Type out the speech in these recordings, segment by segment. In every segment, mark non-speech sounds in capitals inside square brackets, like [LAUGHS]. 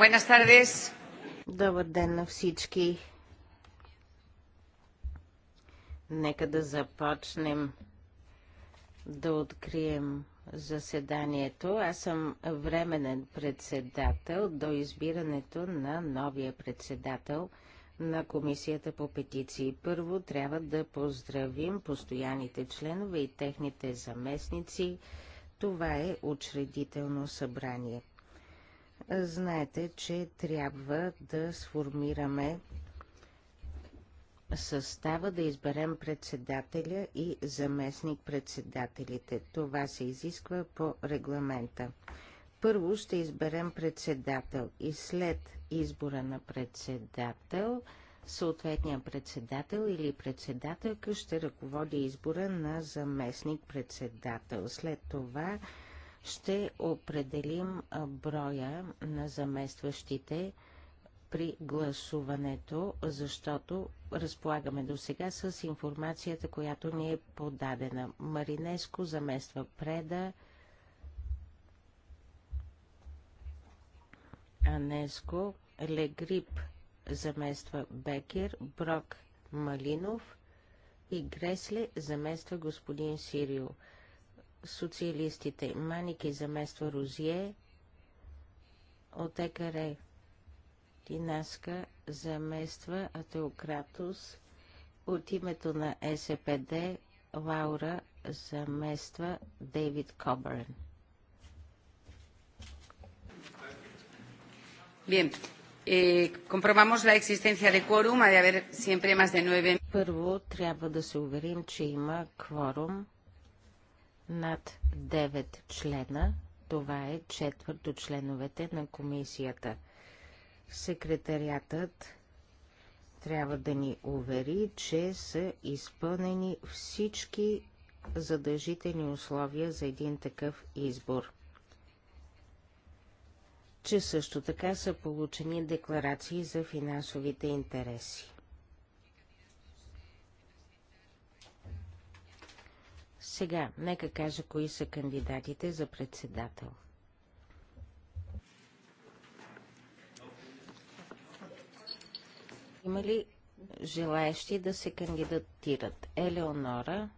Buenas tardes. Добър ден на всички. Нека да започнем да открием заседанието. Аз съм временен председател до избирането на новия председател на Комисията по петиции. Първо трябва да поздравим постоянните членове и техните заместници. Това е учредително събрание. Знаете, че трябва да сформираме състава, да изберем председателя и заместник-председателите. Това се изисква по регламента. Първо ще изберем председател и след избора на председател, съответния председател или председателка ще ръководи избора на заместник-председател. След това ще определим броя на заместващите при гласуването, защото разполагаме до сега с информацията, която ни е подадена. Маринеско замества Преда, Анеско, Легрип замества Бекер, Брок Малинов и Гресле замества господин Сирио социалистите. Маники замества Розие Отекаре Тинаска замества Атеократус от името на СПД. Лаура замества Дейвид Кобърн. Bien, eh, comprobamos la existencia de quórum, ha de haber siempre más de nueve. Първо трябва да се уверим, че има кворум над 9 члена. Това е четвърт от членовете на комисията. Секретариатът трябва да ни увери, че са изпълнени всички задължителни условия за един такъв избор. Че също така са получени декларации за финансовите интереси. Сега, нека кажа кои са кандидатите за председател. Има ли желаящи да се кандидатират? Елеонора.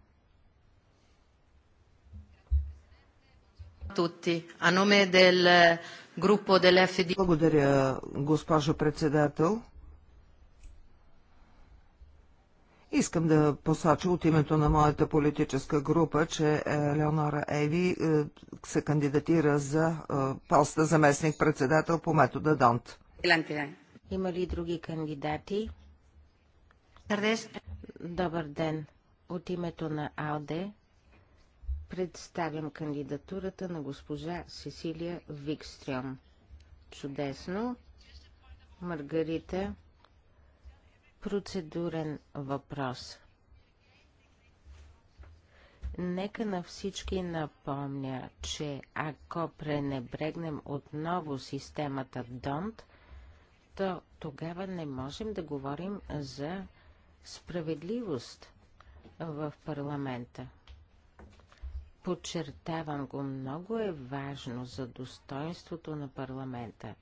Eh, Благодаря, госпожо председател. Искам да посоча от името на моята политическа група, че е, Леонора Еви е, се кандидатира за е, поста заместник-председател по метода Донт. Има ли други кандидати? Добър ден. От името на АЛДЕ представям кандидатурата на госпожа Сесилия Викстрион. Чудесно. Маргарита, процедурен въпрос. Нека на всички напомня, че ако пренебрегнем отново системата ДОНТ, то тогава не можем да говорим за справедливост в парламента. Подчертавам го, много е важно за достоинството на парламента,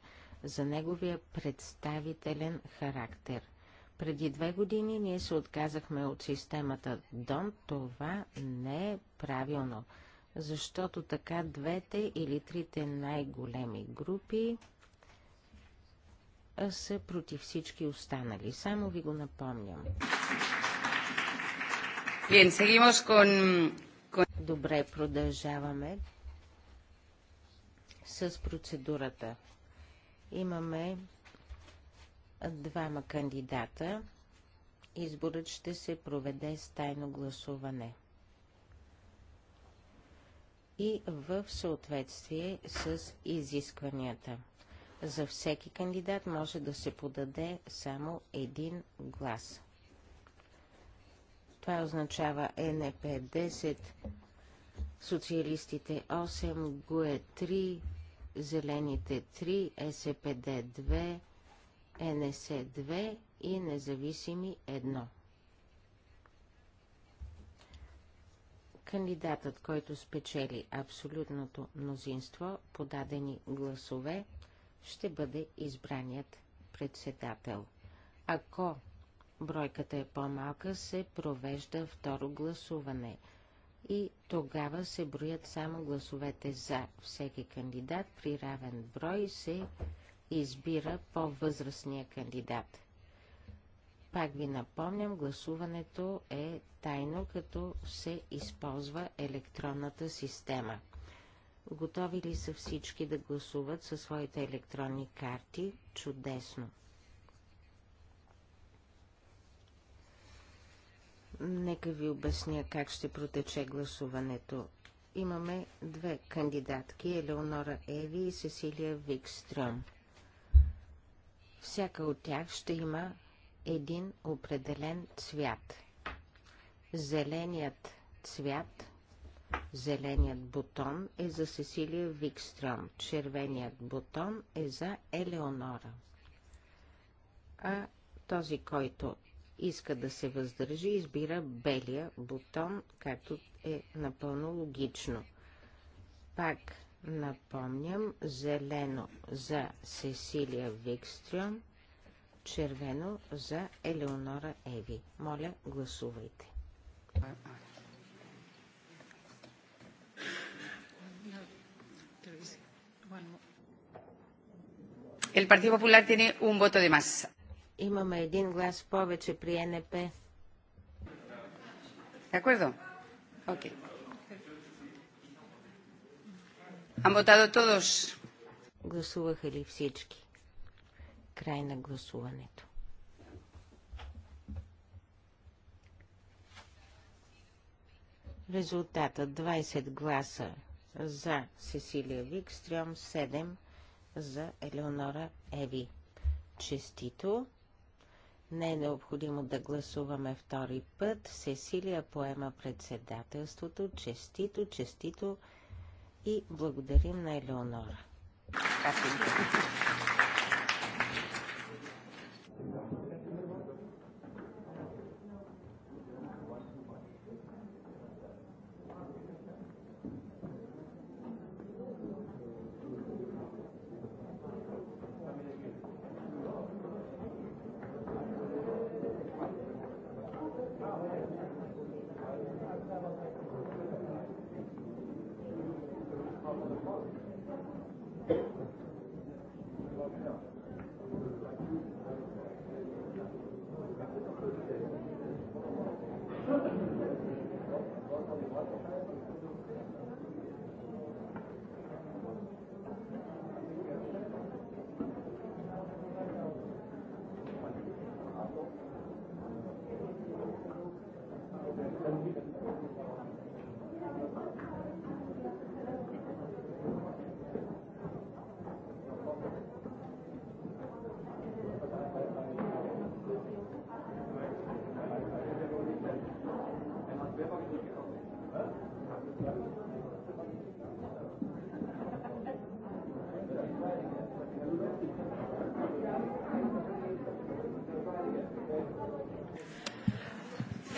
за неговия представителен характер – преди две години ние се отказахме от системата Дон. Това не е правилно, защото така двете или трите най-големи групи са против всички останали. Само ви го напомням. Bien, seguimos con, con... Добре, продължаваме с процедурата. Имаме двама кандидата. Изборът ще се проведе с тайно гласуване и в съответствие с изискванията. За всеки кандидат може да се подаде само един глас. Това означава НП 10, социалистите 8, ГУЕ 3, зелените 3, СПД 2, НС-2 и независими 1. Кандидатът, който спечели абсолютното мнозинство подадени гласове, ще бъде избраният председател. Ако бройката е по-малка, се провежда второ гласуване и тогава се броят само гласовете за всеки кандидат при равен брой се избира по-възрастния кандидат. Пак ви напомням, гласуването е тайно, като се използва електронната система. Готови ли са всички да гласуват със своите електронни карти? Чудесно! Нека ви обясня как ще протече гласуването. Имаме две кандидатки – Елеонора Еви и Сесилия Викстръм. Всяка от тях ще има един определен цвят. Зеленият цвят, зеленият бутон е за Сесилия Викстрем, червеният бутон е за Елеонора. А този, който иска да се въздържи, избира белия бутон, както е напълно логично. Пак Напомням, зелено за Сесилия Викстрюм, червено за Елеонора Еви. Моля, гласувайте. El Partido Popular tiene un voto de más. Имаме един глас повече при НП. De acuerdo? Okay. Гласуваха ли всички? Край на гласуването. Резултата 20 гласа за Сесилия Викстрем, 7 за Елеонора Еви. Честито! Не е необходимо да гласуваме втори път. Сесилия поема председателството. Честито, честито! и благодарим на Елеонора. Thank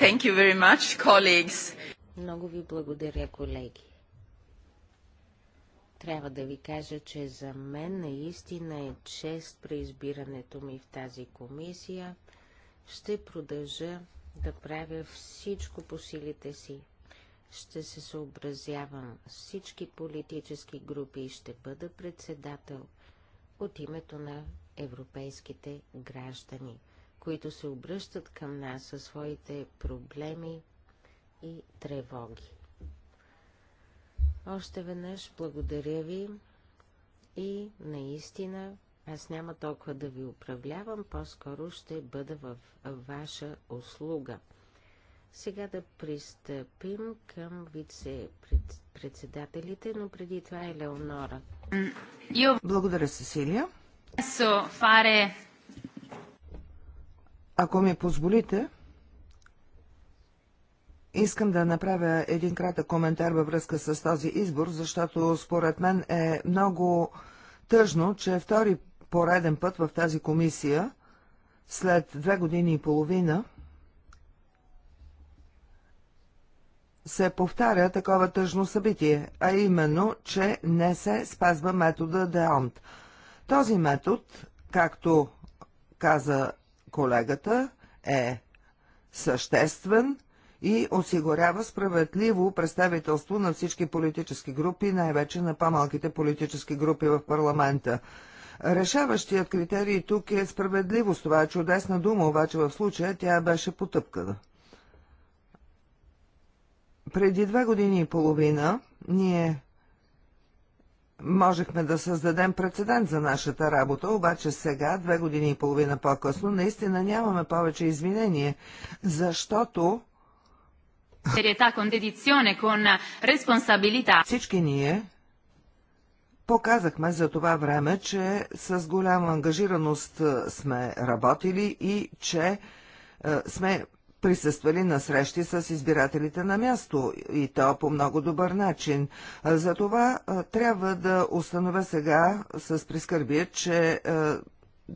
Thank you very much, colleagues. Много ви благодаря, колеги. Трябва да ви кажа, че за мен наистина е чест при избирането ми в тази комисия. Ще продължа да правя всичко по силите си. Ще се съобразявам с всички политически групи и ще бъда председател от името на европейските граждани – които се обръщат към нас със своите проблеми и тревоги. Още веднъж благодаря ви и наистина аз няма толкова да ви управлявам, по-скоро ще бъда в ваша услуга. Сега да пристъпим към вице-председателите, но преди това е Леонора. Благодаря, Сесилия. Фаре ако ми позволите, Искам да направя един кратък коментар във връзка с този избор, защото според мен е много тъжно, че втори пореден път в тази комисия, след две години и половина, се повтаря такова тъжно събитие, а именно, че не се спазва метода ДЕОНТ. Този метод, както каза колегата е съществен и осигурява справедливо представителство на всички политически групи, най-вече на по-малките политически групи в парламента. Решаващият критерий тук е справедливост. Това е чудесна дума, обаче в случая тя беше потъпкана. Преди две години и половина ние можехме да създадем прецедент за нашата работа, обаче сега, две години и половина по-късно, наистина нямаме повече извинение, защото Всички ние показахме за това време, че с голяма ангажираност сме работили и че е, сме присъствали на срещи с избирателите на място и то по много добър начин. Затова трябва да установя сега с прискърбие, че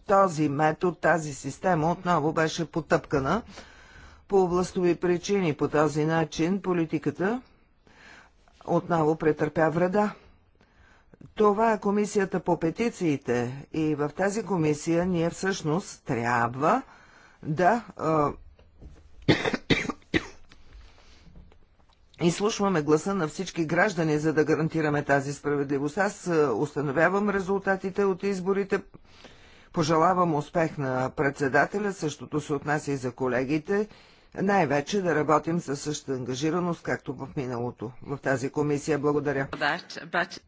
този метод, тази система отново беше потъпкана по областови причини. По този начин политиката отново претърпя вреда. Това е комисията по петициите и в тази комисия ние всъщност трябва да Изслушваме гласа на всички граждани, за да гарантираме тази справедливост. Аз е, установявам резултатите от изборите. Пожелавам успех на председателя, същото се отнася и за колегите. Най-вече да работим със същата ангажираност, както в миналото. В тази комисия благодаря.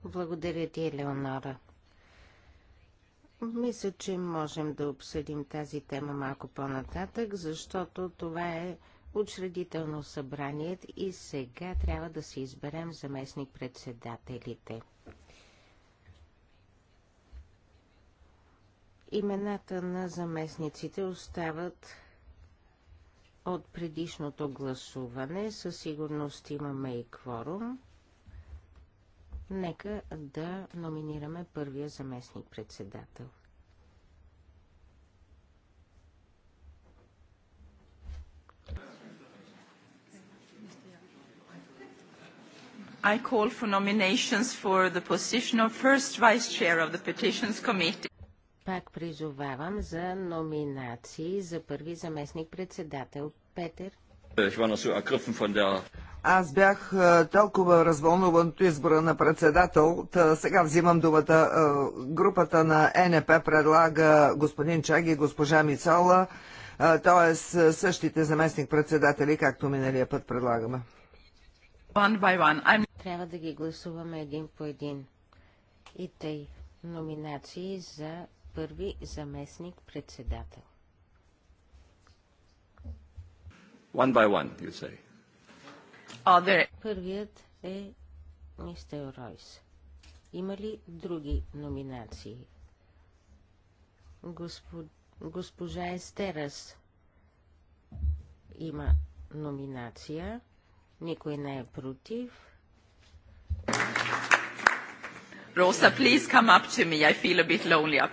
Благодаря ти, Леонора. Мисля, че можем да обсъдим тази тема малко по-нататък, защото това е учредително събрание и сега трябва да се изберем заместник-председателите. Имената на заместниците остават от предишното гласуване. Със сигурност имаме и кворум. Нека да номинираме първия заместник-председател. I call for nominations for the position of first vice chair of the petitions committee. Пак призовавам за номинации за първи заместник председател Петър аз бях е, толкова развълнуван от избора на председател. Та сега взимам думата. Е, групата на е НП предлага господин Чаги и госпожа Мицола, т.е. същите заместник-председатели, както миналия път предлагаме. One one. Трябва да ги гласуваме един по един. И тъй номинации за първи заместник-председател. One by one, you say. There... Първият е мистер Ройс. Има ли други номинации? Госпо... Госпожа Естерас има номинация. Никой не е против. Rosa, please come up to me. I feel a bit lonely up.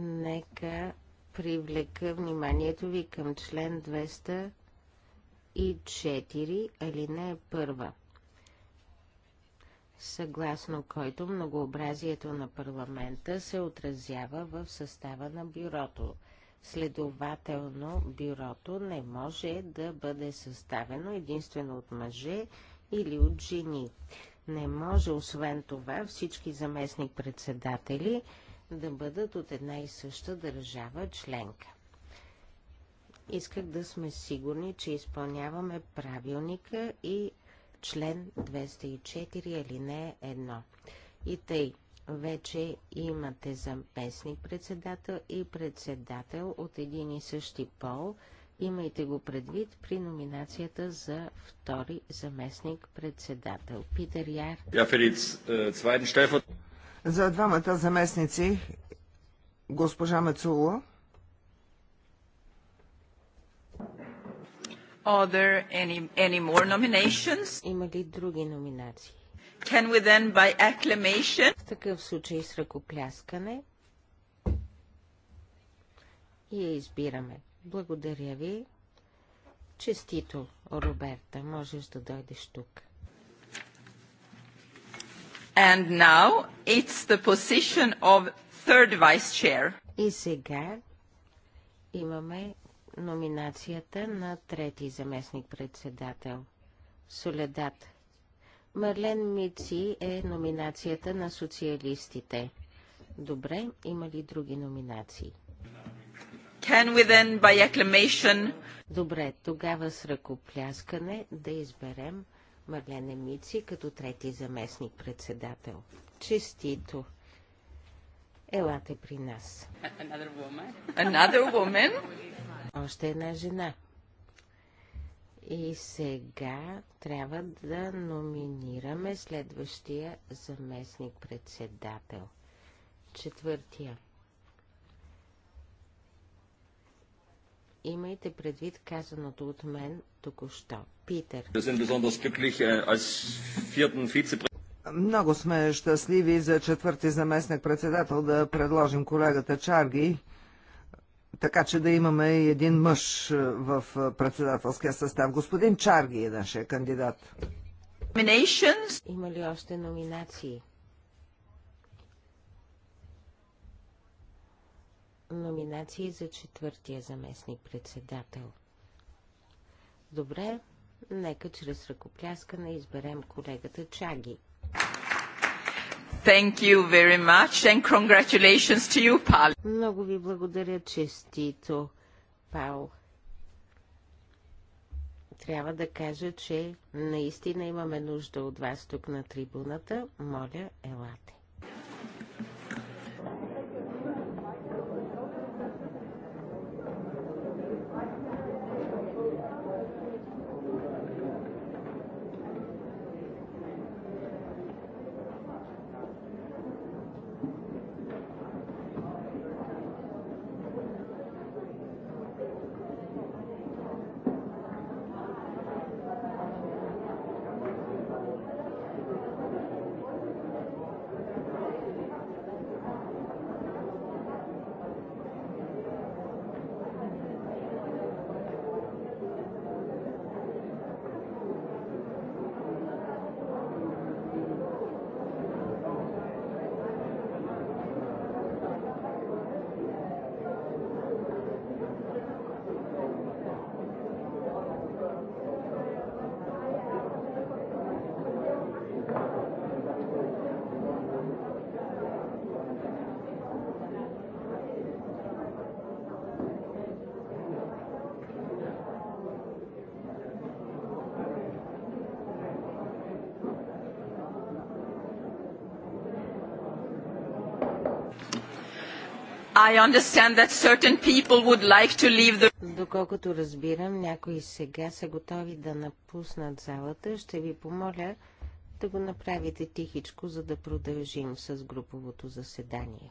Нека привлека вниманието ви към член 204, алинея първа, съгласно който многообразието на парламента се отразява в състава на бюрото. Следователно, бюрото не може да бъде съставено единствено от мъже или от жени. Не може, освен това, всички заместник-председатели да бъдат от една и съща държава членка. Исках да сме сигурни, че изпълняваме правилника и член 204 алинея 1. И тъй, вече имате заместник председател и председател от един и същи пол – Имайте го предвид при номинацията за втори заместник председател. Питер Яр. Äh, за двамата заместници, госпожа Мецуло. any, any more nominations? Има ли други номинации? Can we then by acclamation? В такъв случай с ръкопляскане и я избираме. Благодаря ви. Честито, Роберта. Можеш да дойдеш тук. And now it's the position of third vice chair. И сега имаме номинацията на трети заместник-председател. Соледат. Марлен Мици е номинацията на социалистите. Добре, има ли други номинации? Can we then by acclamation... Добре, тогава с ръкопляскане да изберем Марлене Мици като трети заместник председател. Честито! Елате при нас. Another woman. Another woman? Още една жена. И сега трябва да номинираме следващия заместник председател. Четвъртия. имайте предвид казаното от мен току-що. Питер. Äh, Много сме щастливи за четвърти заместник председател да предложим колегата Чарги, така че да имаме и един мъж е, в е, председателския състав. Господин Чарги е нашия кандидат. Има ли още номинации? номинации за четвъртия заместник председател. Добре, нека чрез ръкопляскане изберем колегата Чаги. Thank you very much and congratulations to you, Пал. Много ви благодаря, честито, Пал. Трябва да кажа, че наистина имаме нужда от вас тук на трибуната. Моля, елате. The... Доколкото разбирам, някои сега са готови да напуснат залата. Ще ви помоля да го направите тихичко, за да продължим с груповото заседание.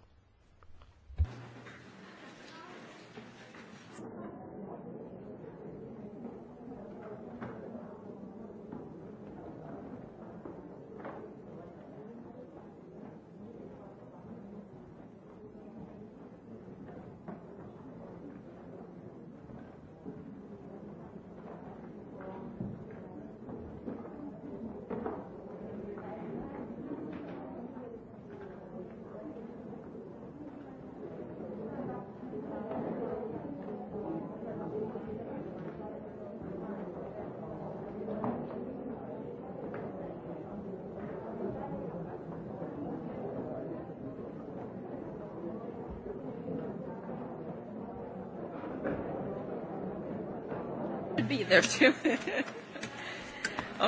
be there too. [LAUGHS]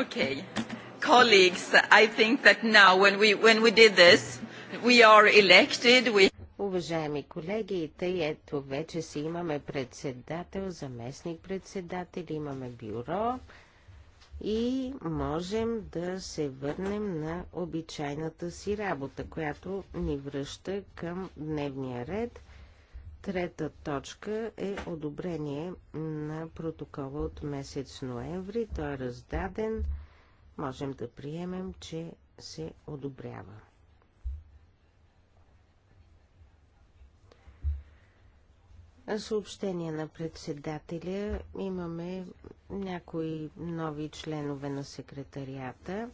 okay. Colleagues, I think that now when we, when we did this, we are elected. We... Уважаеми колеги, тъй ето вече си имаме председател, заместник председател, имаме бюро и можем да се върнем на обичайната си работа, която ни връща към дневния ред – Трета точка е одобрение на протокола от месец ноември. Той е раздаден. Можем да приемем, че се одобрява. Съобщение на председателя. Имаме някои нови членове на секретарията.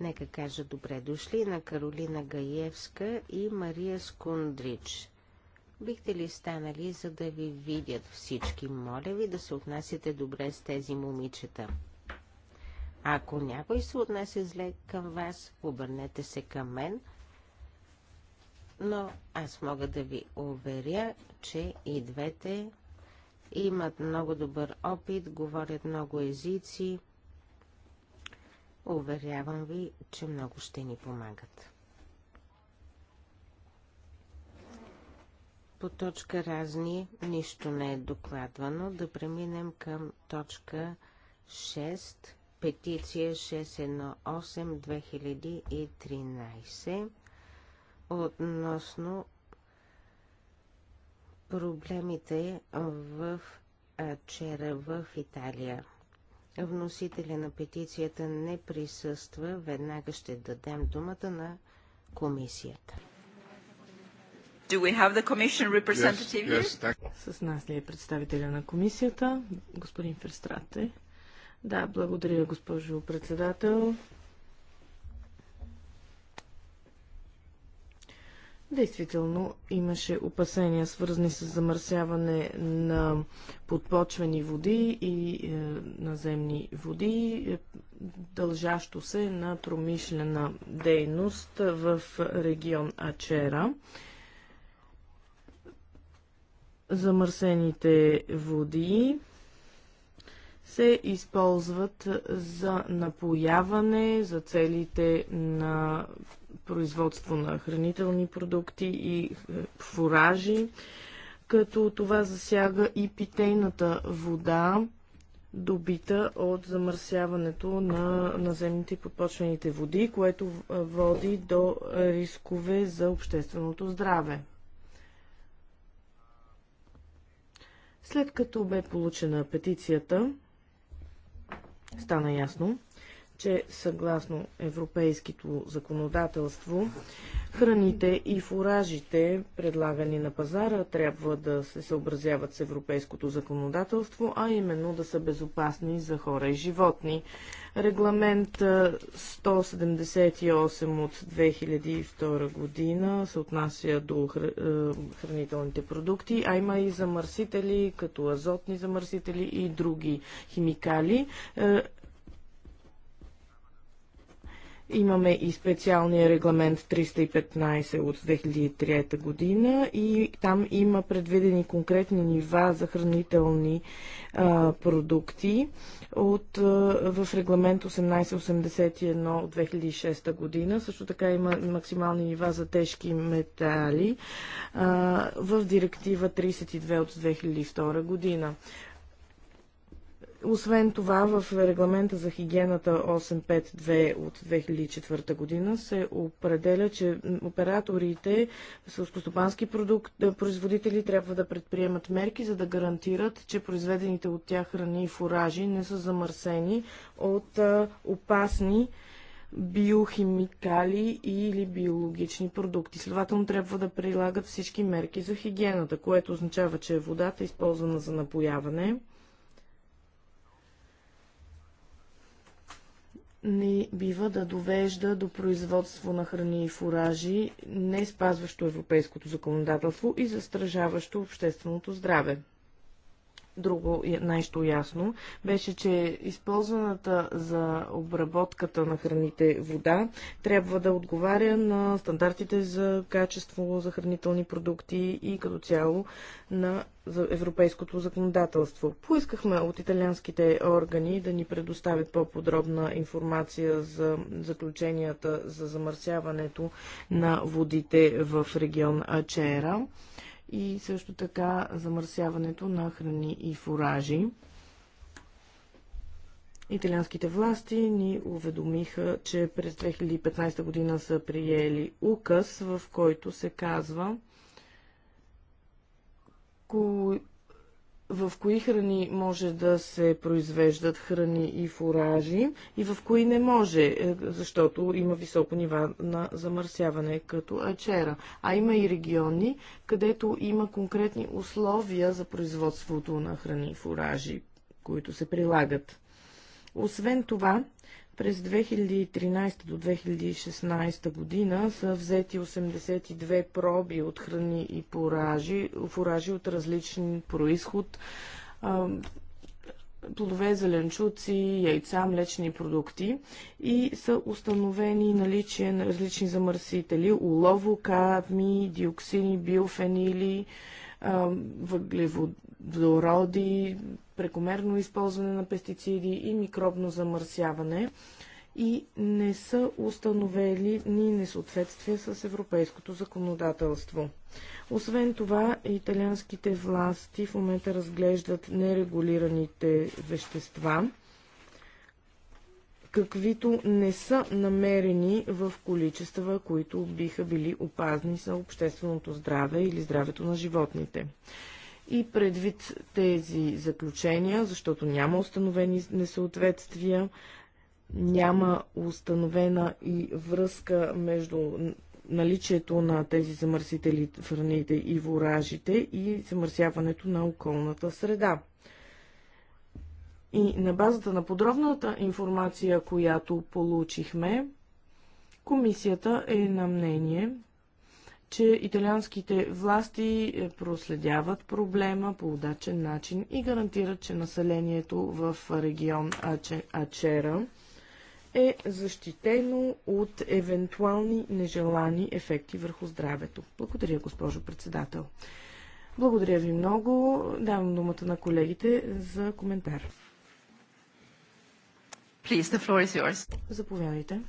Нека кажа добре дошли на Каролина Гаевска и Мария Скундрич. Бихте ли станали, за да ви видят всички? Моля ви да се отнасяте добре с тези момичета. Ако някой се отнесе зле към вас, обърнете се към мен, но аз мога да ви уверя, че и двете имат много добър опит, говорят много езици. Уверявам ви, че много ще ни помагат. по точка разни нищо не е докладвано. Да преминем към точка 6, петиция 618-2013 относно проблемите в чера в Италия. Вносителя на петицията не присъства. Веднага ще дадем думата на комисията. Do we have the commission representative yes, yes, С нас ли е представителя на комисията, господин Ферстрате? Да, благодаря, госпожо председател. Действително имаше опасения, свързани с замърсяване на подпочвени води и е, наземни води, е, дължащо се на промишлена дейност в регион Ачера. Е, замърсените води се използват за напояване, за целите на производство на хранителни продукти и е, фуражи, като това засяга и питейната вода, добита от замърсяването на наземните и подпочвените води, което е, води до рискове за общественото здраве. След като бе получена петицията, стана ясно, че съгласно европейското законодателство Храните и фуражите, предлагани на пазара, трябва да се съобразяват с европейското законодателство, а именно да са безопасни за хора и животни. Регламент 178 от 2002 година се отнася до хранителните продукти, а има и замърсители, като азотни замърсители и други химикали. Имаме и специалния регламент 315 от 2003 година и там има предвидени конкретни нива за хранителни а, продукти от, а, в регламент 1881 от 2006 година. Също така има максимални нива за тежки метали а, в директива 32 от 2002 година. Освен това, в регламента за хигиената 852 от 2004 година се определя, че операторите селскостопански е, производители трябва да предприемат мерки, за да гарантират, че произведените от тях храни и фуражи не са замърсени от е, опасни биохимикали или биологични продукти. Следователно трябва да прилагат всички мерки за хигиената, което означава, че водата, е използвана за напояване, не бива да довежда до производство на храни и фуражи, не спазващо европейското законодателство и застражаващо общественото здраве друго нещо ясно беше, че използваната за обработката на храните вода трябва да отговаря на стандартите за качество за хранителни продукти и като цяло на за европейското законодателство. Поискахме от италианските органи да ни предоставят по-подробна информация за заключенията за замърсяването на водите в регион Ачера и също така замърсяването на храни и фуражи. Италианските власти ни уведомиха, че през 2015 година са приели указ, в който се казва, кои в кои храни може да се произвеждат храни и фуражи и в кои не може, е, защото има високо нива на замърсяване, като ачера. А има и региони, където има конкретни условия за производството на храни и фуражи, които се прилагат. Освен това, през 2013 до 2016 година са взети 82 проби от храни и поражи, фуражи от различен происход, плодове, зеленчуци, яйца, млечни продукти и са установени наличие на различни замърсители – улово, кадми, диоксини, биофенили, въглеводороди, прекомерно използване на пестициди и микробно замърсяване и не са установили ни несъответствие с европейското законодателство. Освен това, италианските власти в момента разглеждат нерегулираните вещества, каквито не са намерени в количества, които биха били опазни за общественото здраве или здравето на животните. И предвид тези заключения, защото няма установени несъответствия, няма установена и връзка между наличието на тези замърсители в храните и воражите и замърсяването на околната среда. И на базата на подробната информация, която получихме, комисията е на мнение, че италианските власти е, проследяват проблема по удачен начин и гарантират, че населението в регион Ачера е защитено от евентуални нежелани ефекти върху здравето. Благодаря, госпожо председател. Благодаря ви много. Давам думата на колегите за коментар. Please, the floor is yours. Заповядайте.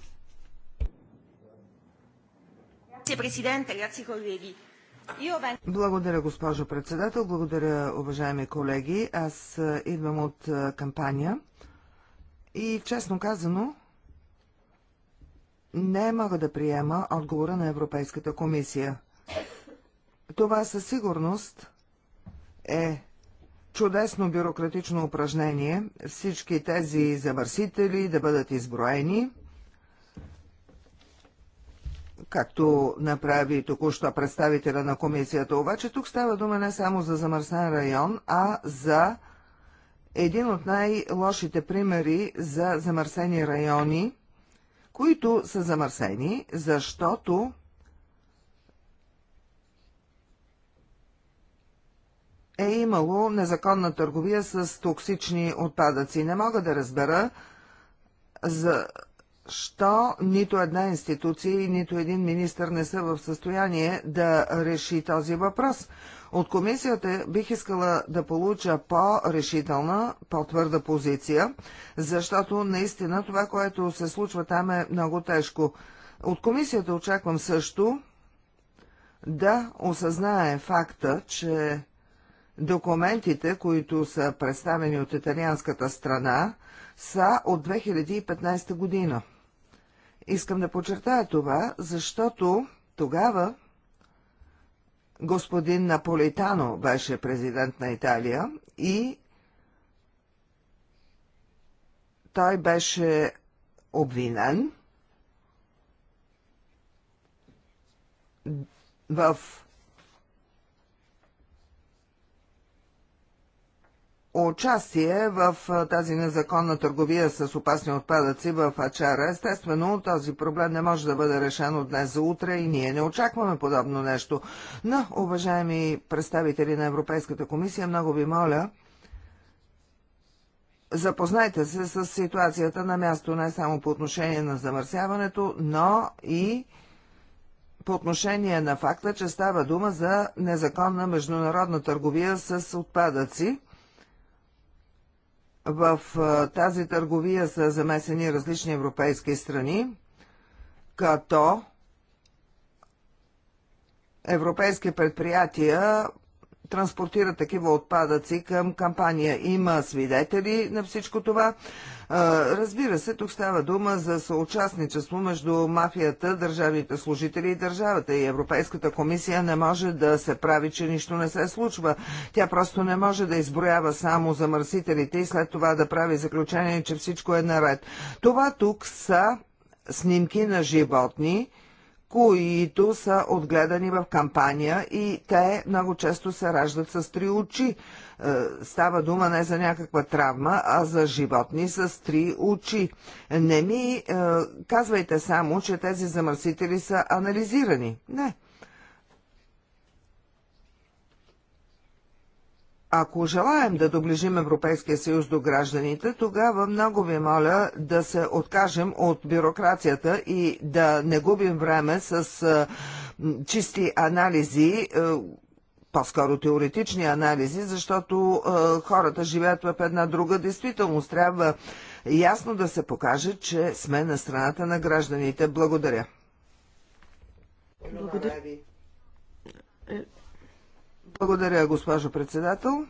Благодаря, госпожо председател. Благодаря, уважаеми колеги. Аз е, идвам от е, кампания и, честно казано, не мога да приема отговора на Европейската комисия. Това със сигурност е чудесно бюрократично упражнение всички тези завърсители да бъдат изброени – както направи току-що представителя на комисията. Обаче тук става дума не само за замърсен район, а за един от най-лошите примери за замърсени райони, които са замърсени, защото е имало незаконна търговия с токсични отпадъци. Не мога да разбера за Що нито една институция и нито един министр не са в състояние да реши този въпрос. От комисията бих искала да получа по-решителна, по-твърда позиция, защото наистина това, което се случва там е много тежко. От комисията очаквам също да осъзнае факта, че документите, които са представени от италианската страна, са от 2015 година. Искам да подчертая това, защото тогава господин Наполитано беше президент на Италия и той беше обвинен в участие в тази незаконна търговия с опасни отпадъци в Ачара. Естествено, този проблем не може да бъде решен от днес за утре и ние не очакваме подобно нещо. Но, уважаеми представители на Европейската комисия, много ви моля, запознайте се с ситуацията на място не само по отношение на замърсяването, но и по отношение на факта, че става дума за незаконна международна търговия с отпадъци. В тази търговия са замесени различни европейски страни, като европейски предприятия транспортира такива отпадъци към кампания. Има свидетели на всичко това. Разбира се, тук става дума за съучастничество между мафията, държавните служители и държавата. И Европейската комисия не може да се прави, че нищо не се случва. Тя просто не може да изброява само замърсителите и след това да прави заключение, че всичко е наред. Това тук са снимки на животни, които са отгледани в кампания и те много често се раждат с три очи. Е, става дума не за някаква травма, а за животни с три очи. Не ми е, казвайте само, че тези замърсители са анализирани. Не. Ако желаем да доближим Европейския съюз до гражданите, тогава много ви моля да се откажем от бюрокрацията и да не губим време с чисти анализи, е, по-скоро теоретични анализи, защото е, хората живеят в една друга действителност. Трябва ясно да се покаже, че сме на страната на гражданите. Благодаря. Благодаря. Е, благодаря, госпожо председател.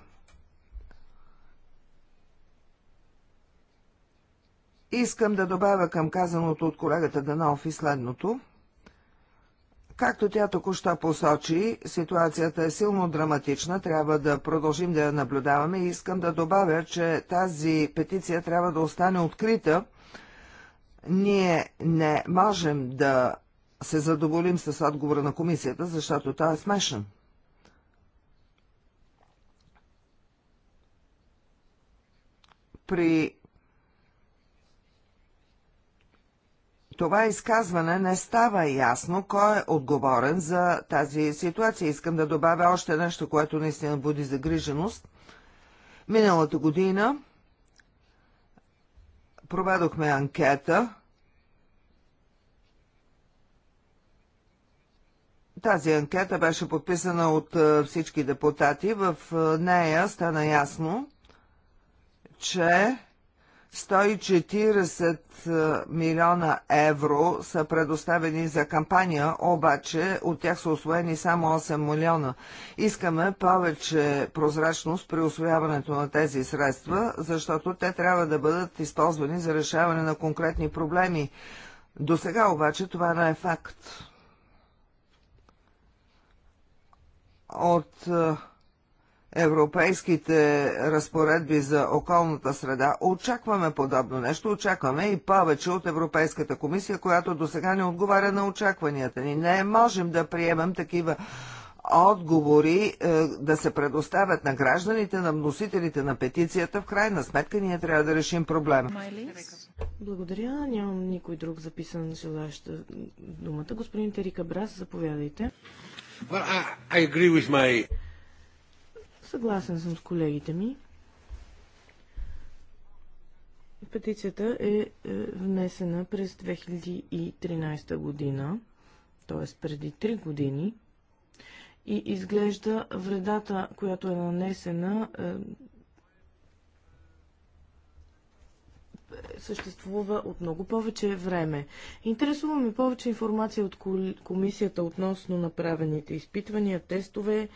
Искам да добавя към казаното от колегата Данов и следното. Както тя току-що посочи, ситуацията е силно драматична, трябва да продължим да я наблюдаваме и искам да добавя, че тази петиция трябва да остане открита. Ние не можем да се задоволим с отговора на комисията, защото той е смешен. при това изказване не става ясно кой е отговорен за тази ситуация. Искам да добавя още нещо, което наистина буди загриженост. Миналата година проведохме анкета. Тази анкета беше подписана от всички депутати. В нея стана ясно, че 140 е, милиона евро са предоставени за кампания, обаче от тях са освоени само 8 милиона. Искаме повече прозрачност при освояването на тези средства, защото те трябва да бъдат използвани за решаване на конкретни проблеми. До сега обаче това не е факт. От е, европейските разпоредби за околната среда. Очакваме подобно нещо, очакваме и повече от Европейската комисия, която до сега не отговаря на очакванията ни. Не можем да приемем такива отговори е, да се предоставят на гражданите, на вносителите на петицията. В крайна сметка ние трябва да решим проблема. Благодаря. Нямам никой друг записан желаящ думата. Господин Терика Брас, заповядайте. Well, I, I agree with my... Съгласен съм с колегите ми. Петицията е, е внесена през 2013 година, т.е. преди 3 години. И изглежда вредата, която е нанесена, е, е, съществува от много повече време. Интересуваме повече информация от комисията относно направените изпитвания, тестове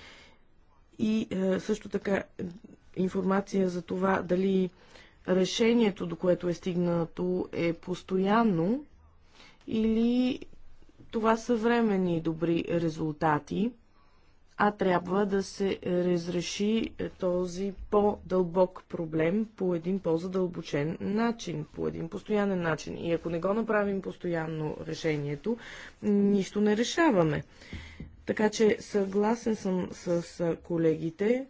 и е, също така информация за това дали решението, до което е стигнато, е постоянно или това са временни добри резултати, а трябва да се разреши е, този по-дълбок проблем по един по-задълбочен начин, по един постоянен начин. И ако не го направим постоянно решението, нищо не решаваме. Така че съгласен съм с колегите,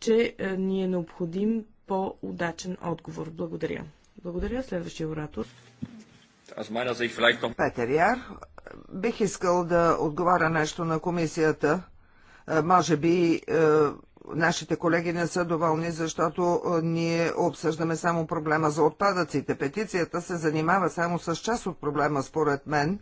че ни е необходим по-удачен отговор. Благодаря. Благодаря. Следващия оратор. Петър Яр, бих искал да отговаря нещо на комисията. Може би нашите колеги не са доволни, защото е, ние обсъждаме само проблема за отпадъците. Петицията се занимава само с част от проблема, според мен.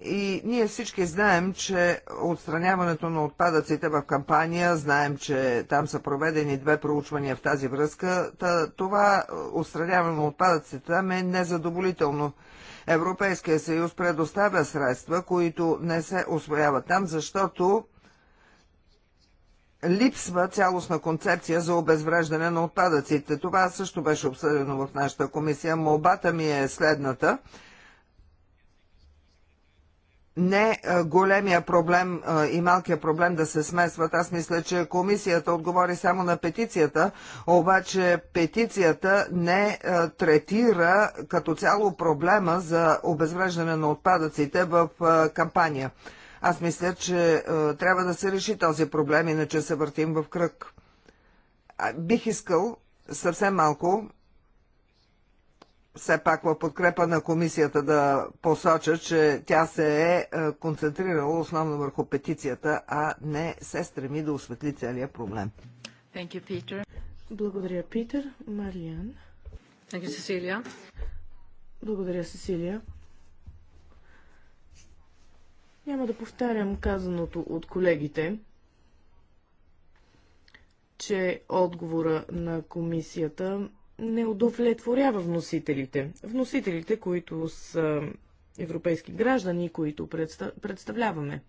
И ние всички знаем, че отстраняването на отпадъците в кампания, знаем, че там са проведени две проучвания в тази връзка, това е, отстраняване на отпадъците там е незадоволително. Европейския съюз предоставя средства, които не се освояват там, защото липсва цялостна концепция за обезвреждане на отпадъците. Това също беше обсъдено в нашата комисия. Молбата ми е следната не е, големия проблем е, и малкия проблем да се смесват. Аз мисля, че комисията отговори само на петицията, обаче петицията не е, третира като цяло проблема за обезвреждане на отпадъците в кампания. Аз мисля, че е, трябва да се реши този проблем, иначе се въртим в кръг. А, бих искал съвсем малко, все пак в подкрепа на комисията да посоча, че тя се е, е концентрирала основно върху петицията, а не се стреми да осветли целият проблем. Thank you, Peter. Благодаря, Питер. Мариан. Благодаря, Сесилия. Благодаря, Сесилия. Няма да повтарям казаното от колегите, че отговора на комисията не удовлетворява вносителите. Вносителите, които са европейски граждани, които представляваме.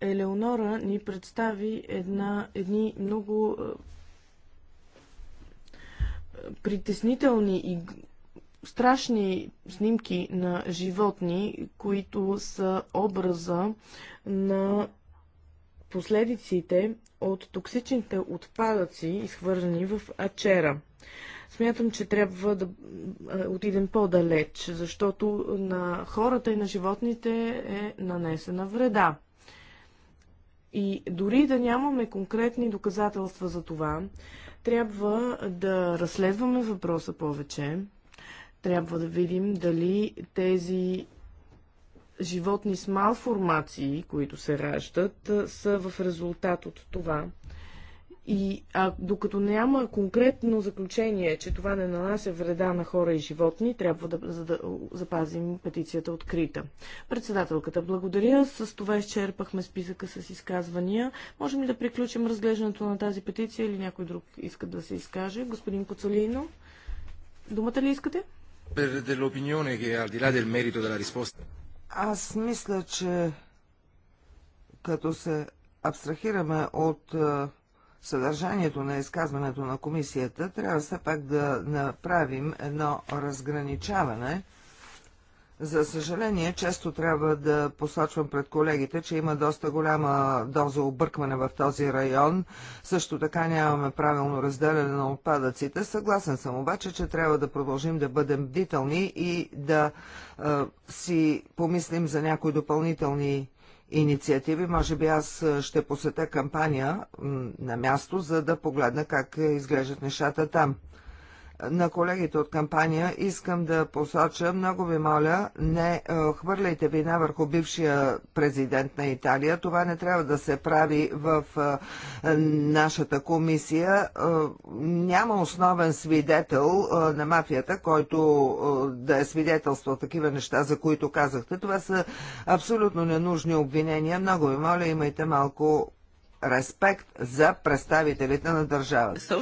Елеонора ни представи една, едни много притеснителни и страшни снимки на животни, които са образа на последиците от токсичните отпадъци, изхвърлени в Ачера. Смятам, че трябва да отидем по-далеч, защото на хората и на животните е нанесена вреда. И дори да нямаме конкретни доказателства за това, трябва да разследваме въпроса повече, трябва да видим дали тези животни с малформации, които се раждат, са в резултат от това. И а, докато няма конкретно заключение, че това не нанася вреда на хора и животни, трябва да, за да запазим петицията открита. Председателката, благодаря. С това изчерпахме списъка с изказвания. Можем ли да приключим разглеждането на тази петиция или някой друг иска да се изкаже? Господин Коцалино, думата ли искате? Аз мисля, че като се абстрахираме от е, съдържанието на изказването на комисията, трябва все пак да направим едно разграничаване – за съжаление, често трябва да посочвам пред колегите, че има доста голяма доза объркване в този район. Също така нямаме правилно разделяне на отпадъците. Съгласен съм обаче, че трябва да продължим да бъдем бдителни и да а, си помислим за някои допълнителни инициативи. Може би аз ще посетя кампания на място, за да погледна как изглеждат нещата там на колегите от кампания искам да посоча, много ви моля, не е, хвърляйте вина върху бившия президент на Италия. Това не трябва да се прави в е, нашата комисия. Е, няма основен свидетел на мафията, който да е свидетелство такива неща, за които казахте. Това са абсолютно ненужни обвинения. Много ви моля, имайте малко респект за представителите на държавата.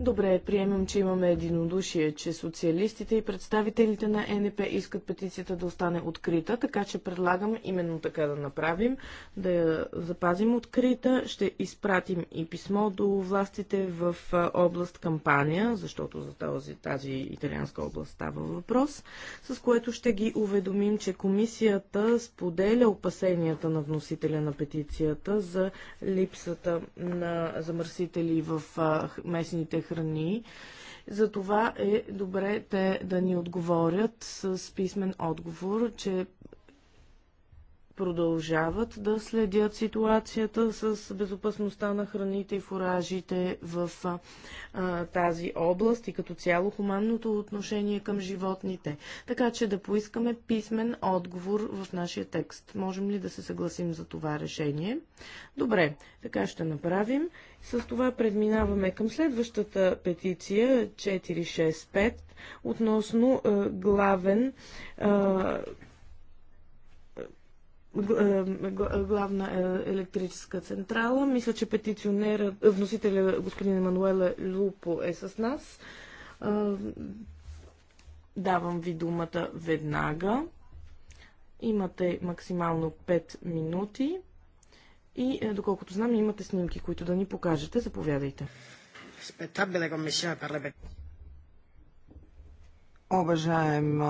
Добре, приемам, че имаме единодушие, че социалистите и представителите на НП искат петицията да остане открита, така че предлагам именно така да направим, да я запазим открита. Ще изпратим и писмо до властите в област Кампания, защото за тази, тази италианска област става въпрос, с което ще ги уведомим, че комисията споделя опасенията на вносителя на петицията за ли липсата на замърсители в местните храни. Затова е добре те да ни отговорят с писмен отговор, че продължават да следят ситуацията с безопасността на храните и фуражите в а, тази област и като цяло хуманното отношение към животните. Така че да поискаме писмен отговор в нашия текст. Можем ли да се съгласим за това решение? Добре, така ще направим. С това предминаваме към следващата петиция 465 относно а, главен а, е, е, главна е, електрическа централа. Мисля, че петиционера, вносителя господин Емануела Лупо е с нас. Давам ви думата веднага. Имате максимално 5 минути и доколкото знам, имате снимки, които да ни покажете. Заповядайте. Спектабиле комисия Обажаем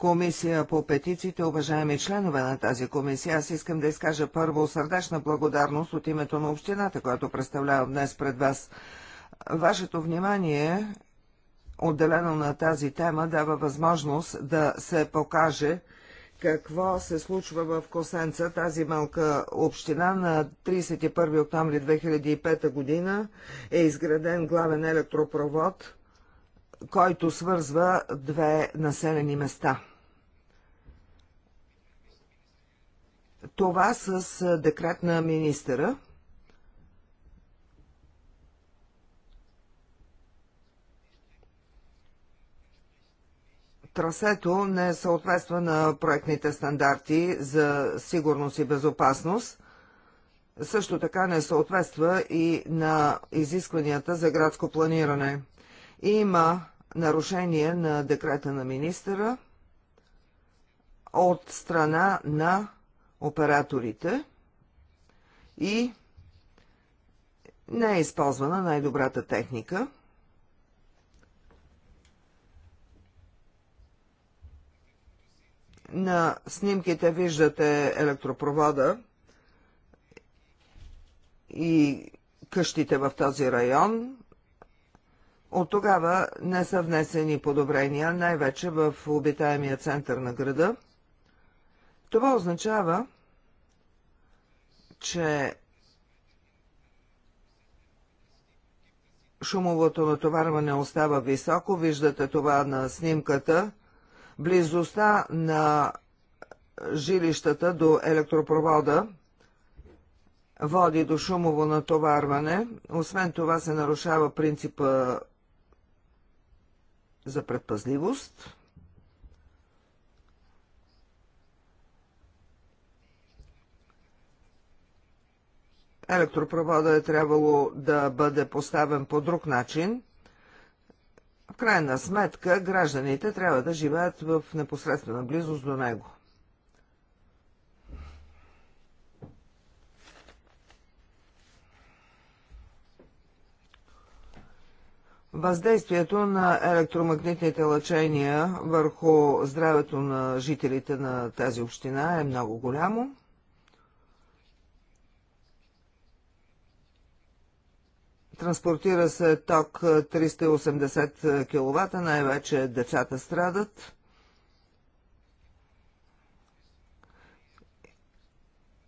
комисия по петициите, уважаеми членове на тази комисия. Аз искам да изкажа първо сърдечна благодарност от името на общината, която представлявам днес пред вас. Вашето внимание, отделено на тази тема, дава възможност да се покаже какво се случва в Косенца, тази малка община. На 31 октомври 2005 година е изграден главен електропровод, който свързва две населени места. Това с декрет на министъра. Трасето не съответства на проектните стандарти за сигурност и безопасност. Също така не съответства и на изискванията за градско планиране. Има нарушение на декрета на министъра от страна на операторите и не е използвана най-добрата техника. На снимките виждате електропровода и къщите в този район. От тогава не са внесени подобрения, най-вече в обитаемия център на града – това означава, че шумовото натоварване остава високо. Виждате това на снимката. Близостта на жилищата до електропровода води до шумово натоварване. Освен това се нарушава принципа за предпазливост. електропровода е трябвало да бъде поставен по друг начин. В крайна сметка гражданите трябва да живеят в непосредствена близост до него. Въздействието на електромагнитните лъчения върху здравето на жителите на тази община е много голямо. транспортира се ток 380 е, е, кВт, най-вече децата страдат.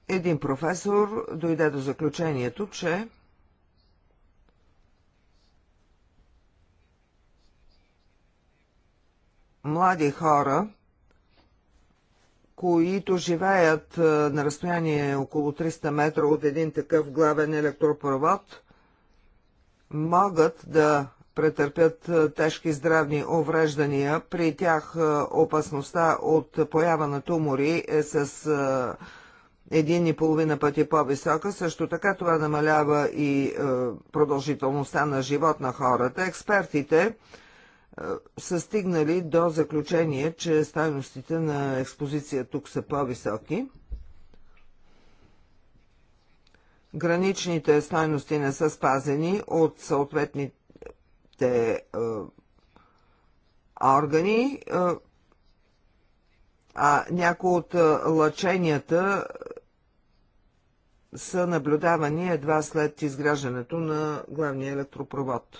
Един професор дойде до заключението, че млади хора, които живеят е, на разстояние около 300 метра от един такъв главен електропровод, могат да претърпят е, тежки здравни увреждания. При тях е, опасността от поява на тумори е с е, един и половина пъти по-висока. Също така това намалява и продължителността на живот на хората. Експертите са стигнали до заключение, че стойностите на експозиция тук са по-високи. граничните стойности не са спазени от съответните органи, а някои от лъченията са наблюдавани едва след изграждането на главния електропровод.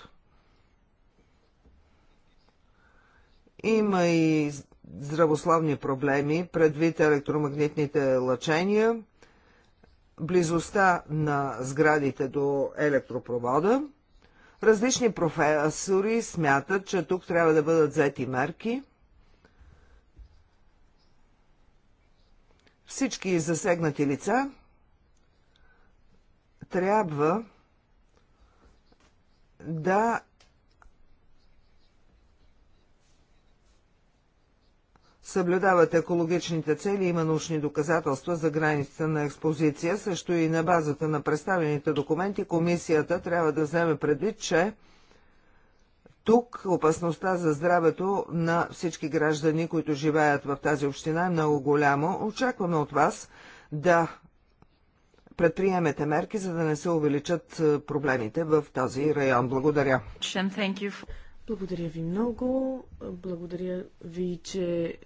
Има и здравословни проблеми предвид електромагнитните лъчения близостта на сградите до електропровода. Различни професори смятат, че тук трябва да бъдат взети мерки. Всички засегнати лица трябва да съблюдават екологичните цели, има научни доказателства за границата на експозиция, също и на базата на представените документи, комисията трябва да вземе предвид, че тук опасността за здравето на всички граждани, които живеят в тази община е много голямо. Очакваме от вас да предприемете мерки, за да не се увеличат е, проблемите в този район. Благодаря. Благодаря ви много. Благодаря ви, че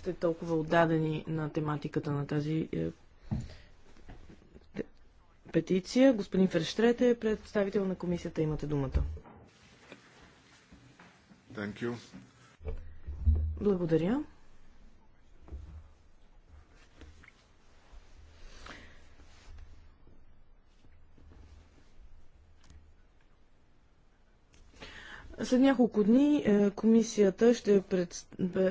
сте толкова отдадени на тематиката на тази е, петиция. Господин Ферштрете, е представител на комисията, имате думата. Благодаря. След няколко дни е, комисията ще пред...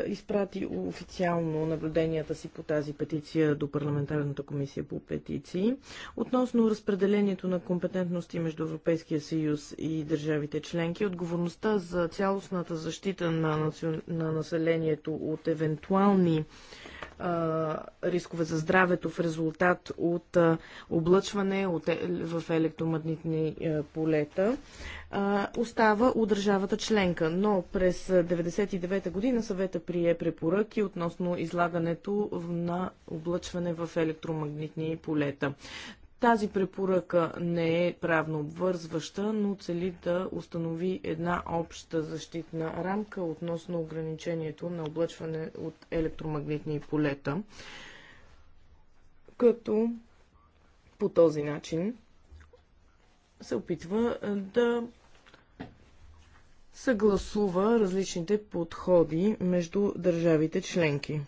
изпрати официално наблюденията си по тази петиция до парламентарната комисия по петиции. Относно разпределението на компетентности между Европейския съюз и държавите членки, отговорността за цялостната защита на, национ... на населението от евентуални рискове за здравето в резултат от облъчване е, в електромагнитни полета остава у държавата членка. Но през 1999 година съвета прие препоръки относно излагането на облъчване в електромагнитни полета. Тази препоръка не е правно обвързваща, но цели да установи една обща защитна рамка относно ограничението на облъчване от електромагнитни полета, като по този начин се опитва да съгласува различните подходи между държавите членки.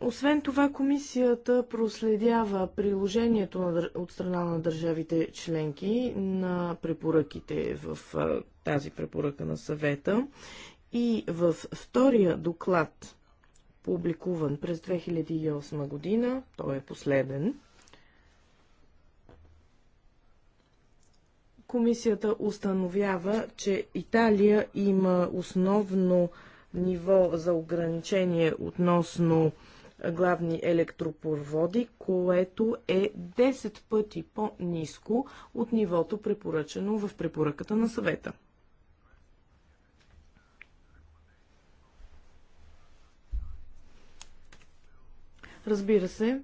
Освен това, комисията проследява приложението на, от страна на държавите членки на препоръките в тази препоръка на съвета и в втория доклад, публикуван през 2008 година, той е последен, комисията установява, че Италия има основно ниво за ограничение относно главни електропроводи, което е 10 пъти по-низко от нивото препоръчено в препоръката на съвета. Разбира се,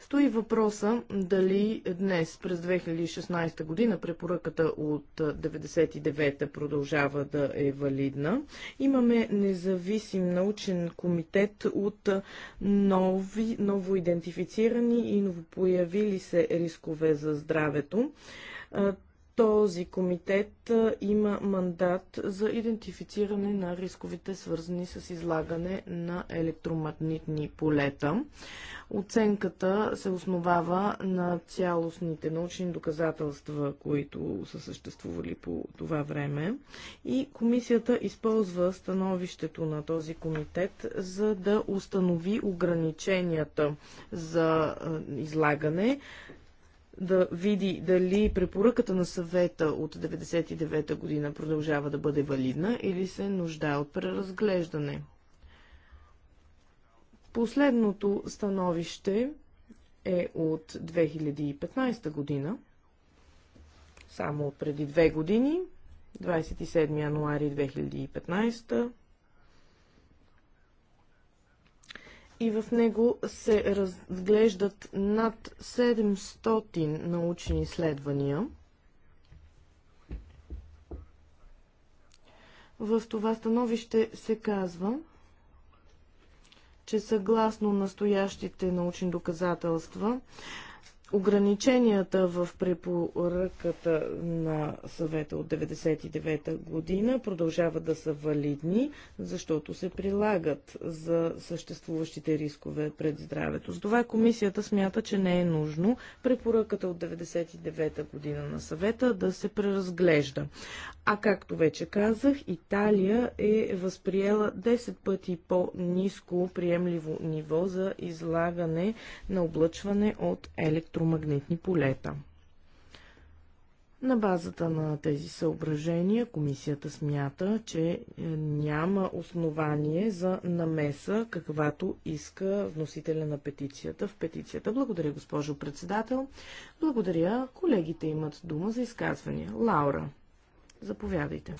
стои въпроса дали днес, през 2016 година, препоръката от 99-та продължава да е валидна. Имаме независим научен комитет от нови, ново идентифицирани и новопоявили се рискове за здравето този комитет има мандат за идентифициране на рисковите, свързани с излагане на електромагнитни полета. Оценката се основава на цялостните научни доказателства, които са съществували по това време. И комисията използва становището на този комитет, за да установи ограниченията за излагане, да види дали препоръката на съвета от 1999 година продължава да бъде валидна или се нуждае от преразглеждане. Последното становище е от 2015 година, само преди две години, 27 януари 2015 и в него се разглеждат над 700 научни изследвания. В това становище се казва, че съгласно настоящите научни доказателства, ограниченията в препоръката на съвета от 1999 година продължават да са валидни, защото се прилагат за съществуващите рискове пред здравето. С това комисията смята, че не е нужно препоръката от 1999 година на съвета да се преразглежда. А както вече казах, Италия е възприела 10 пъти по-низко приемливо ниво за излагане на облъчване от електромагнитни електромагнитни полета. На базата на тези съображения комисията смята, че е, няма основание за намеса, каквато иска вносителя на петицията в петицията. Благодаря, госпожо председател. Благодаря. Колегите имат дума за изказвания. Лаура, заповядайте.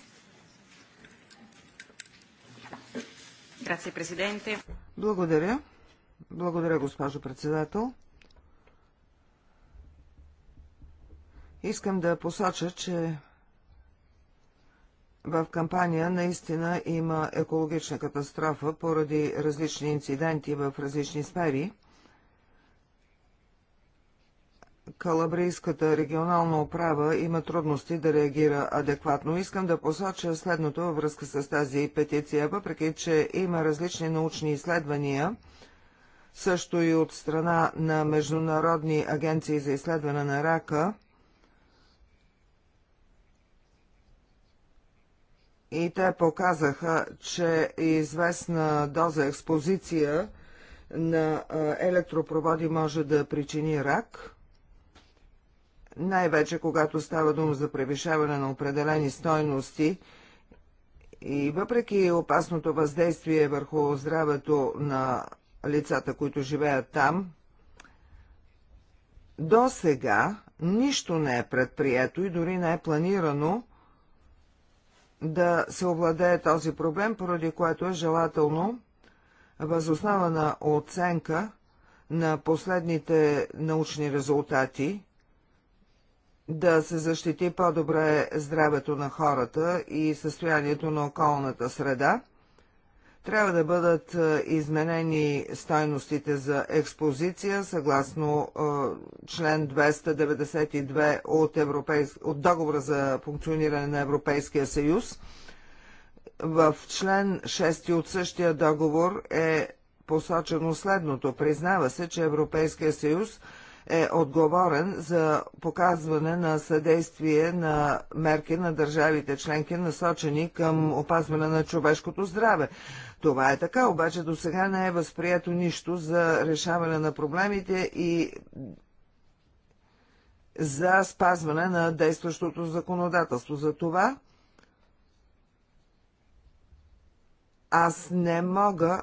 Благодаря. Благодаря, госпожо председател. Искам да посоча, че в кампания наистина има екологична катастрофа поради различни инциденти в различни сфери. Калабрийската регионална управа има трудности да реагира адекватно. Искам да посоча следното във връзка с тази петиция, въпреки че има различни научни изследвания, също и от страна на международни агенции за изследване на рака – и те показаха, че известна доза експозиция на електропроводи може да причини рак, най-вече когато става дума за превишаване на определени стойности и въпреки опасното въздействие върху здравето на лицата, които живеят там, до сега нищо не е предприето и дори не е планирано да се овладее този проблем, поради което е желателно възоснова на оценка на последните научни резултати да се защити по-добре здравето на хората и състоянието на околната среда – трябва да бъдат е, изменени стойностите за експозиция съгласно е, член 292 от, Европейс... от договора за функциониране на Европейския съюз. В член 6 от същия договор е посочено следното. Признава се, че Европейския съюз е отговорен за показване на съдействие на мерки на държавите членки, насочени към опазване на човешкото здраве. Това е така, обаче до сега не е възприето нищо за решаване на проблемите и за спазване на действащото законодателство. За това аз не мога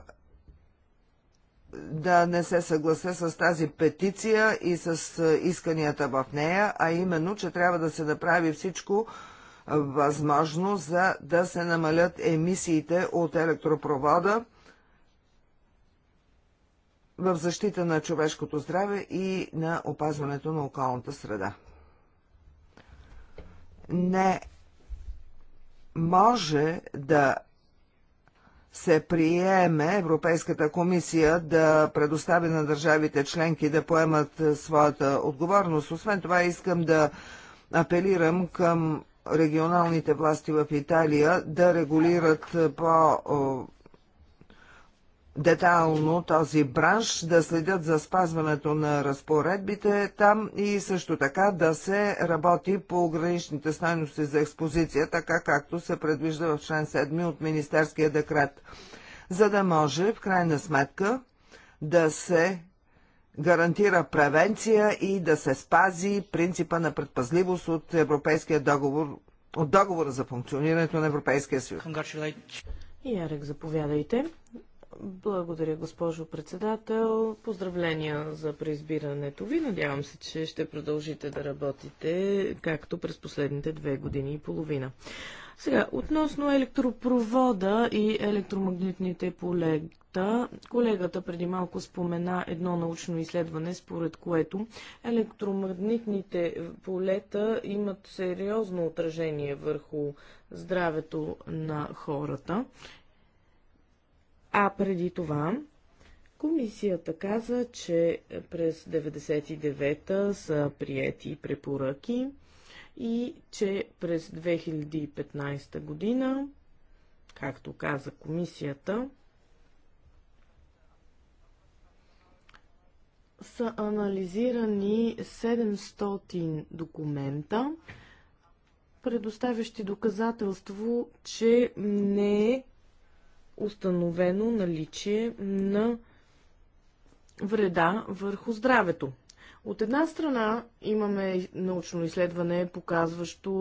да не се съглася с тази петиция и с исканията в нея, а именно, че трябва да се направи всичко, възможно, за да се намалят емисиите от електропровода в защита на човешкото здраве и на опазването на околната среда. Не може да се приеме Европейската комисия да предостави на държавите членки да поемат своята отговорност. Освен това искам да апелирам към регионалните власти в Италия да регулират по детайлно този бранш, да следят за спазването на разпоредбите там и също така да се работи по граничните стойности за експозиция, така както се предвижда в член 7 от Министерския декрет, за да може в крайна сметка да се гарантира превенция и да се спази принципа на предпазливост от Европейския договор, от договора за функционирането на Европейския съюз. Ярек, заповядайте. Благодаря, госпожо председател. Поздравления за преизбирането ви. Надявам се, че ще продължите да работите, както през последните две години и половина. Сега, относно електропровода и електромагнитните поле, Та, Колегата преди малко спомена едно научно изследване, според което електромагнитните полета имат сериозно отражение върху здравето на хората. А преди това Комисията каза, че през 99-та са приети препоръки и че през 2015 година, както каза комисията, са анализирани 700 документа, предоставящи доказателство, че не е установено наличие на вреда върху здравето. От една страна имаме научно изследване, показващо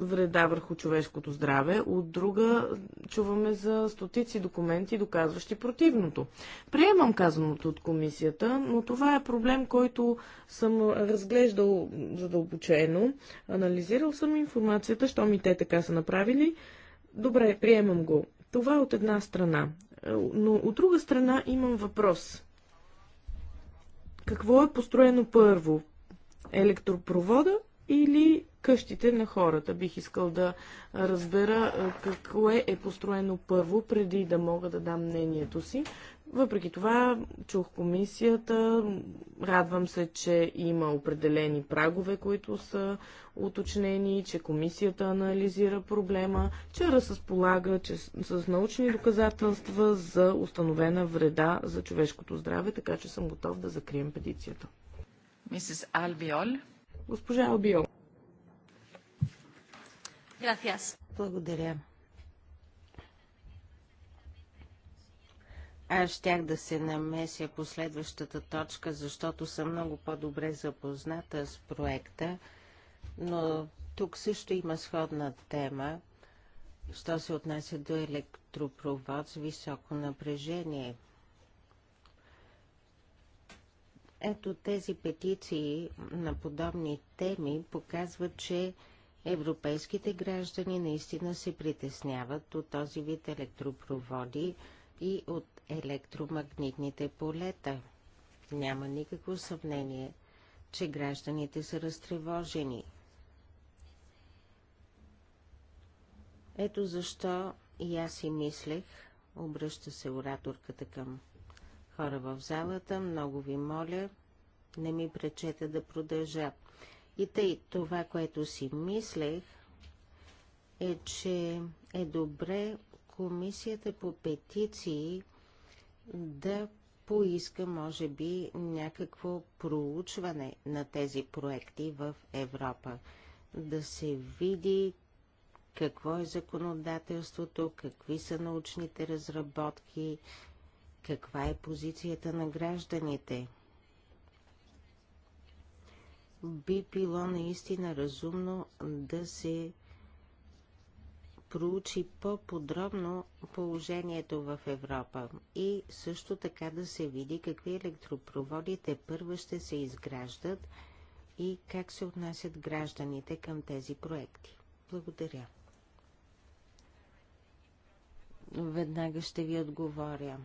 вреда върху човешкото здраве, от друга чуваме за стотици документи, доказващи противното. Приемам казаното от комисията, но това е проблем, който съм разглеждал задълбочено. Анализирал съм информацията, що ми те така са направили. Добре, приемам го. Това е от една страна. Но от друга страна имам въпрос. Какво е построено първо? Електропровода или къщите на хората. Бих искал да разбера какво е построено първо, преди да мога да дам мнението си. Въпреки това, чух комисията, радвам се, че има определени прагове, които са уточнени, че комисията анализира проблема, че разполага че с научни доказателства за установена вреда за човешкото здраве, така че съм готов да закрием петицията. Мисис Албиол. Госпожа Албиол. Gracias. Благодаря. Аз щях да се намеся по следващата точка, защото съм много по-добре запозната с проекта, но тук също има сходна тема, що се отнася до електропровод с високо напрежение. Ето тези петиции на подобни теми показват, че европейските граждани наистина се притесняват от този вид електропроводи и от електромагнитните полета. Няма никакво съмнение, че гражданите са разтревожени. Ето защо и аз си мислех, обръща се ораторката към хора в залата, много ви моля, не ми пречете да продължа. И тъй това, което си мислех, е, че е добре комисията по петиции да поиска, може би, някакво проучване на тези проекти в Европа. Да се види какво е законодателството, какви са научните разработки, каква е позицията на гражданите би било наистина разумно да се проучи по-подробно положението в Европа и също така да се види какви електропроводите първо ще се изграждат и как се отнасят гражданите към тези проекти. Благодаря. Веднага ще ви отговоря.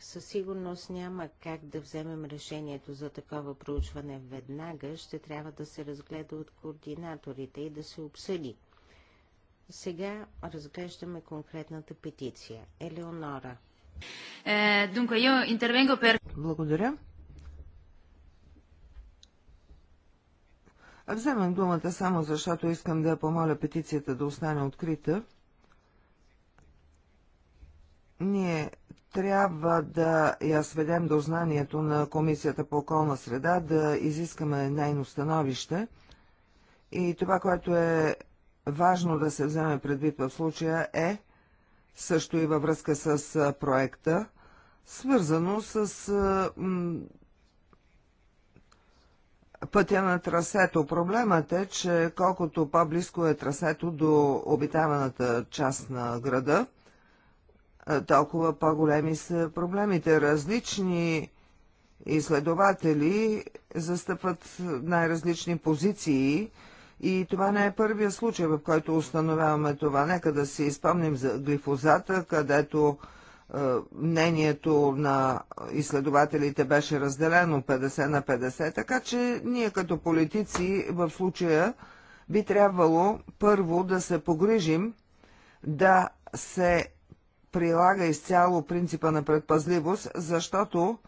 Със сигурност няма как да вземем решението за такова проучване веднага, ще трябва да се разгледа от координаторите и да се обсъди. Сега разглеждаме конкретната петиция. Елеонора. Е, Благодаря. Вземам думата само защото искам да помоля петицията да остане открита. Ние трябва да я сведем до знанието на Комисията по околна среда, да изискаме нейно становище. И това, което е важно да се вземе предвид в случая е, също и във връзка с проекта, свързано с пътя на трасето. Проблемът е, че колкото по-близко е трасето до обитаваната част на града, толкова по-големи са проблемите. Различни изследователи застъпват най-различни позиции и това не е първия случай, в който установяваме това. Нека да си изпомним за глифозата, където е, мнението на изследователите беше разделено 50 на 50, така че ние като политици в случая би трябвало първо да се погрижим да се прилага изцяло принципа на предпазливост, защото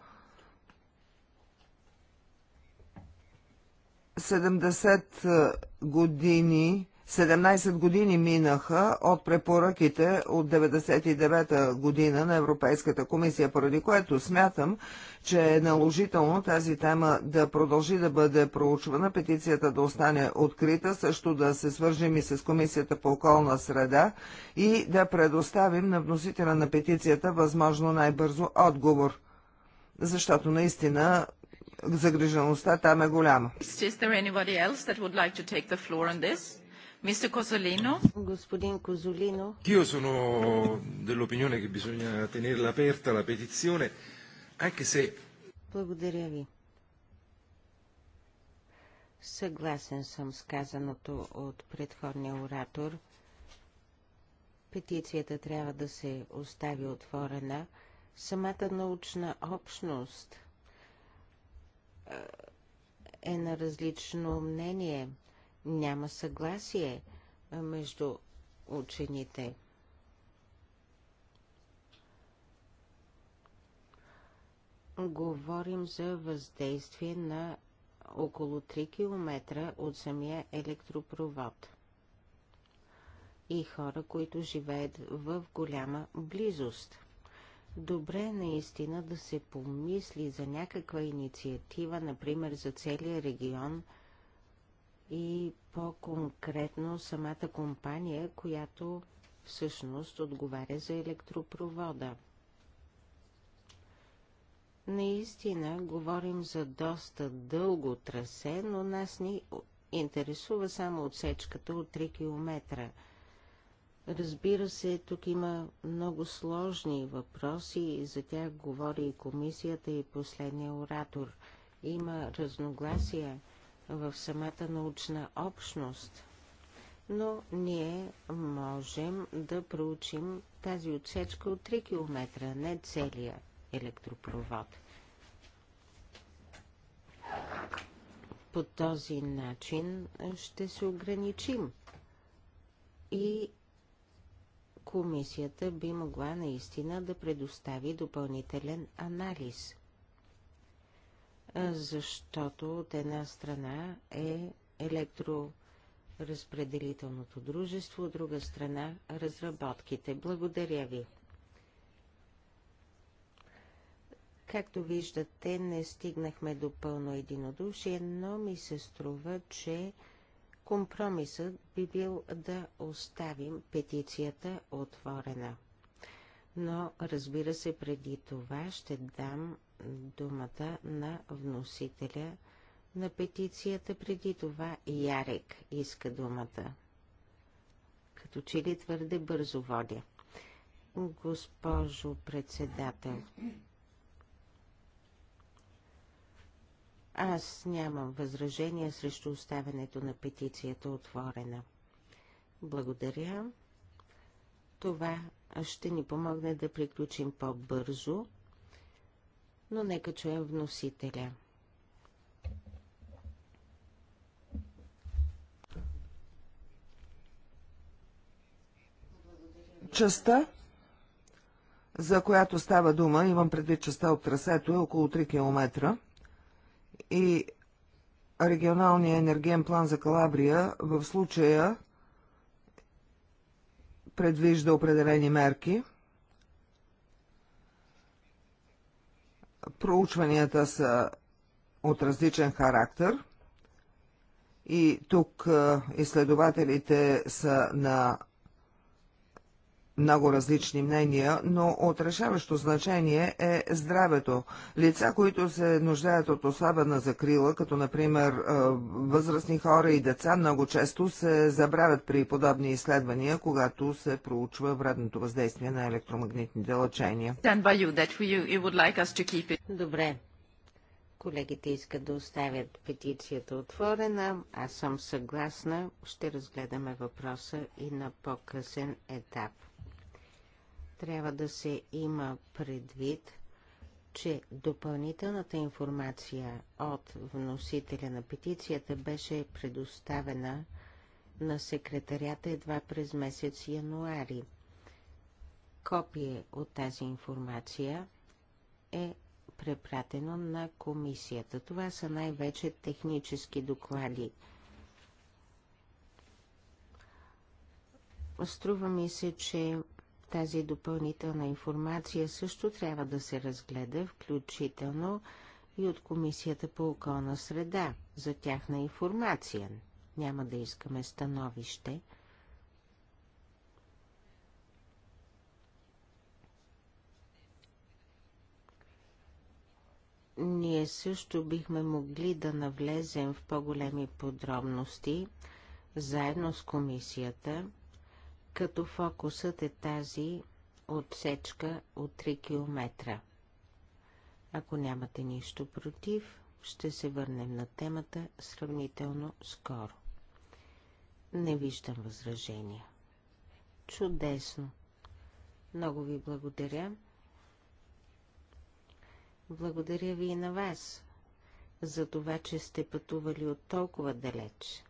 70 години 17 години минаха от препоръките от 99-та година на Европейската комисия, поради което смятам, че е наложително тази тема да продължи да бъде проучвана, петицията да остане открита, също да се свържим и с Комисията по околна среда и да предоставим на вносителя на петицията възможно най-бързо отговор. Защото наистина загрижеността там е голяма. Господин Козолино. Io sono dell'opinione che bisogna tenerla aperta la petizione, anche se... Благодаря ви. Съгласен съм с казаното от предходния оратор. Петицията трябва да се остави отворена. Самата научна общност е на различно мнение – няма съгласие между учените. Говорим за въздействие на около 3 км от самия електропровод и хора, които живеят в голяма близост. Добре е наистина да се помисли за някаква инициатива, например за целия регион – и по-конкретно самата компания, която всъщност отговаря за електропровода. Наистина говорим за доста дълго трасе, но нас ни интересува само отсечката от 3 км. Разбира се, тук има много сложни въпроси и за тях говори и комисията и последния оратор. Има разногласия – в самата научна общност. Но ние можем да проучим тази отсечка от 3 км, не целия електропровод. По този начин ще се ограничим и комисията би могла наистина да предостави допълнителен анализ – защото от една страна е електроразпределителното дружество, от друга страна разработките. Благодаря ви. Както виждате, не стигнахме до пълно единодушие, но ми се струва, че компромисът би бил да оставим петицията отворена но разбира се, преди това ще дам думата на вносителя на петицията. Преди това Ярек иска думата. Като че ли твърде бързо водя. Госпожо председател, аз нямам възражение срещу оставянето на петицията отворена. Благодаря. Това ще ни помогне да приключим по-бързо, но нека чуем вносителя. Частта, за която става дума, имам предвид частта от трасето, е около 3 км и регионалния енергиен план за Калабрия в случая – предвижда определени мерки. Проучванията са от различен характер – и тук изследователите са на много различни мнения, но от решаващо значение е здравето. Лица, които се нуждаят от особена закрила, като например възрастни хора и деца, много често се забравят при подобни изследвания, когато се проучва вредното въздействие на електромагнитните лъчения. Добре. Колегите искат да оставят петицията отворена. Аз съм съгласна. Ще разгледаме въпроса и на по-късен етап. Трябва да се има предвид, че допълнителната информация от вносителя на петицията беше предоставена на секретарята едва през месец януари. Копие от тази информация е препратено на комисията. Това са най-вече технически доклади. Струва ми се, че тази допълнителна информация също трябва да се разгледа, включително и от Комисията по околна среда за тяхна информация. Няма да искаме становище. Ние също бихме могли да навлезем в по-големи подробности заедно с комисията – като фокусът е тази отсечка от 3 км. Ако нямате нищо против, ще се върнем на темата сравнително скоро. Не виждам възражения. Чудесно! Много ви благодаря. Благодаря ви и на вас, за това, че сте пътували от толкова далеч.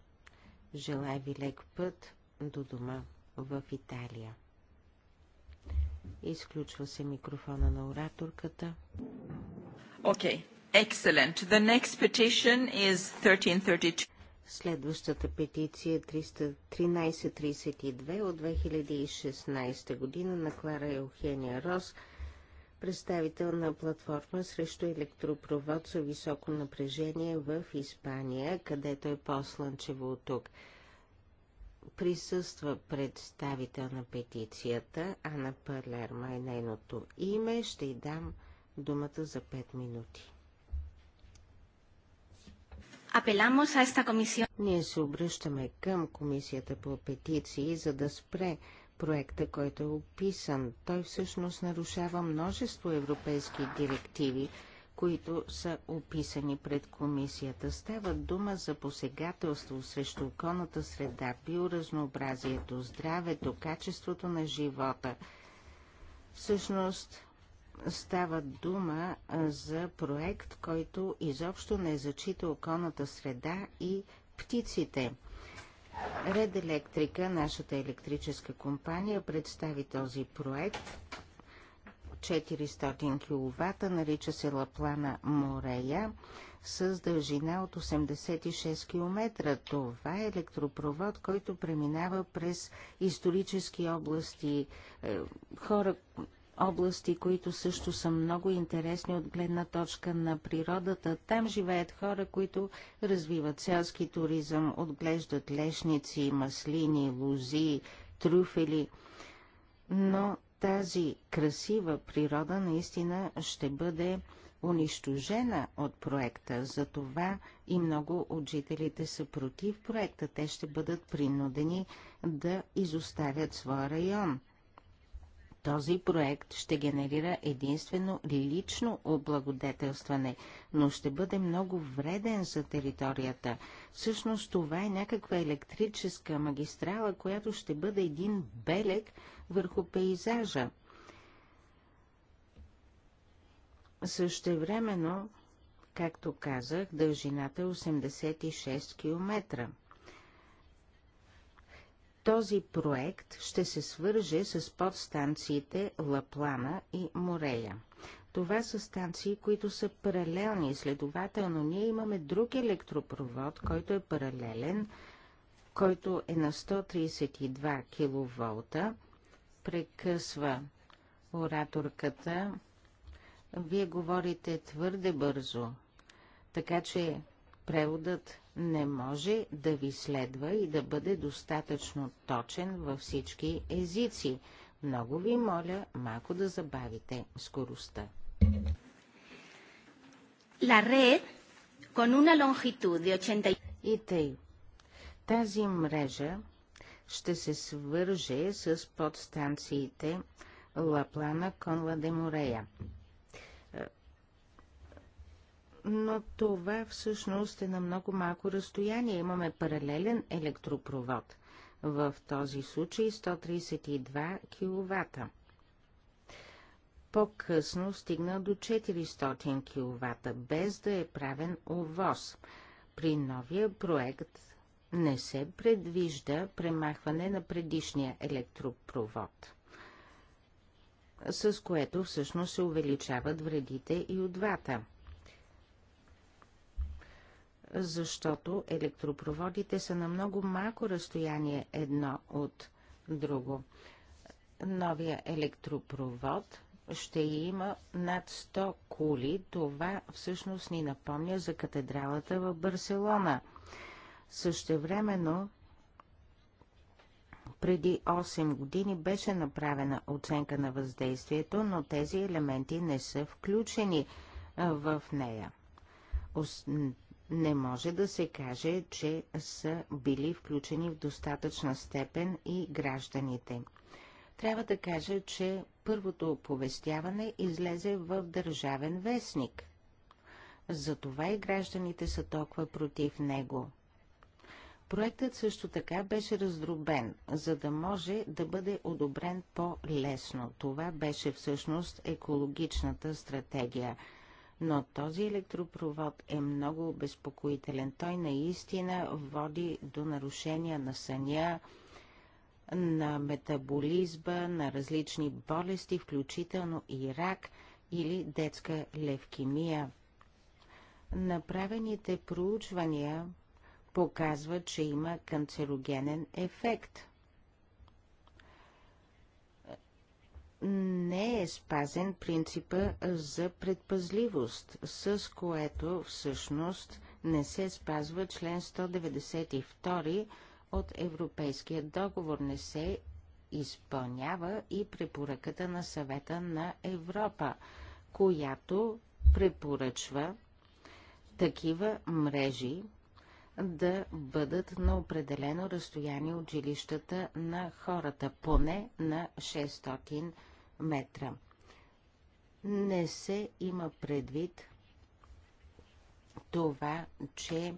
Желая ви лек път до дома в Италия. Изключва се микрофона на ораторката. Окей, okay. excellent. The next petition is 1332. Следващата петиция 1332 е от 2016 година на Клара Елхения Рос, представител на платформа срещу електропровод за високо напрежение в Испания, където е по-слънчево от тук присъства представител на петицията Ана Пърлерма е нейното име. Ще й дам думата за 5 минути. Апеламос а еста комисия. Ние се обръщаме към комисията по петиции, за да спре проекта, който е описан. Той всъщност нарушава множество европейски директиви, които са описани пред комисията. Става дума за посегателство срещу околната среда, биоразнообразието, здравето, качеството на живота. Всъщност става дума за проект, който изобщо не зачита околната среда и птиците. Ред Електрика, нашата електрическа компания, представи този проект 400 кВт, нарича се Лаплана Морея, с дължина от 86 км. Това е електропровод, който преминава през исторически области, е, хора, области, които също са много интересни от гледна точка на природата. Там живеят хора, които развиват селски туризъм, отглеждат лешници, маслини, лузи, трюфели. Но тази красива природа наистина ще бъде унищожена от проекта. Затова и много от жителите са против проекта. Те ще бъдат принудени да изоставят своя район. Този проект ще генерира единствено лично облагодетелстване, но ще бъде много вреден за територията. Всъщност това е някаква електрическа магистрала, която ще бъде един белег върху пейзажа. Същевременно, както казах, дължината е 86 км – този проект ще се свърже с подстанциите Лаплана и Морея. Това са станции, които са паралелни, следователно ние имаме друг електропровод, който е паралелен, който е на 132 кВ, Прекъсва ораторката. Вие говорите твърде бързо, така че преводът не може да ви следва и да бъде достатъчно точен във всички езици. Много ви моля малко да забавите скоростта. La red con una longitud de 80... И тъй. Тази мрежа ще се свърже с подстанциите Лаплана Конла де Морея но това всъщност е на много малко разстояние. Имаме паралелен електропровод. В този случай 132 кВт. По-късно стигна до 400 кВт, без да е правен овоз. При новия проект не се предвижда премахване на предишния електропровод с което всъщност се увеличават вредите и от двата защото електропроводите са на много малко разстояние едно от друго. Новия електропровод ще има над 100 кули. Това всъщност ни напомня за катедралата в Барселона. Същевременно, преди 8 години беше направена оценка на въздействието, но тези елементи не са включени в нея не може да се каже, че са били включени в достатъчна степен и гражданите. Трябва да кажа, че първото оповестяване излезе в Държавен вестник. Затова и гражданите са толкова против него. Проектът също така беше раздробен, за да може да бъде одобрен по-лесно. Това беше всъщност екологичната стратегия – но този електропровод е много обезпокоителен. Той наистина води до нарушения на съня, на метаболизма, на различни болести, включително и рак или детска левкемия. Направените проучвания показват, че има канцерогенен ефект – не е спазен принципа за предпазливост, с което всъщност не се спазва член 192 от Европейския договор, не се изпълнява и препоръката на съвета на Европа, която препоръчва такива мрежи да бъдат на определено разстояние от жилищата на хората, поне на 600 метра. Не се има предвид това, че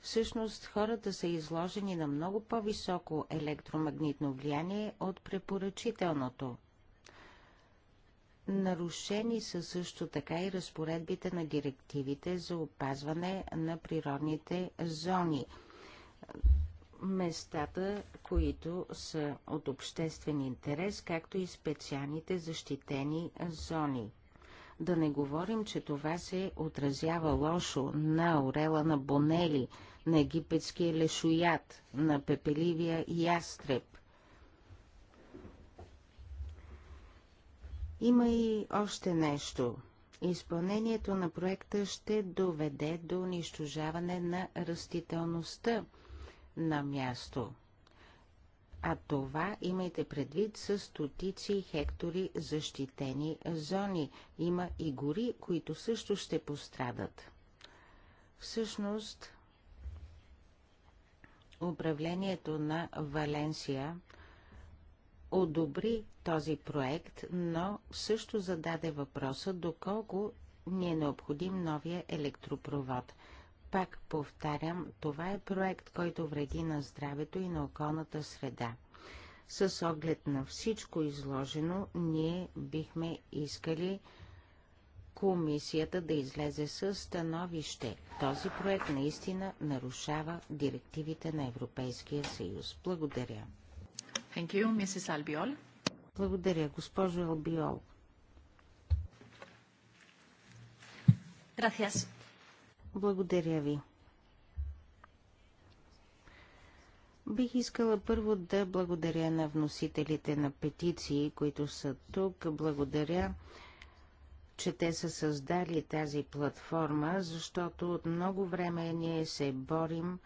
всъщност хората са изложени на много по-високо електромагнитно влияние от препоръчителното. Нарушени са също така и разпоредбите на директивите за опазване на природните зони местата, които са от обществен интерес, както и специалните защитени зони. Да не говорим, че това се отразява лошо на орела на Бонели, на египетския лешоят, на пепеливия ястреб. Има и още нещо. Изпълнението на проекта ще доведе до унищожаване на растителността – на място. А това имайте предвид с стотици хектори защитени зони. Има и гори, които също ще пострадат. Всъщност, управлението на Валенсия одобри този проект, но също зададе въпроса доколко ни е необходим новия електропровод – пак повтарям, това е проект, който вреди на здравето и на околната среда. С оглед на всичко изложено, ние бихме искали комисията да излезе с становище. Този проект наистина нарушава директивите на Европейския съюз. Благодаря. Thank you, Mrs. Albiol. Благодаря, госпожо Албиол. Gracias. Благодаря ви. Бих искала първо да благодаря на вносителите на петиции, които са тук. Благодаря, че те са създали тази платформа, защото от много време ние се борим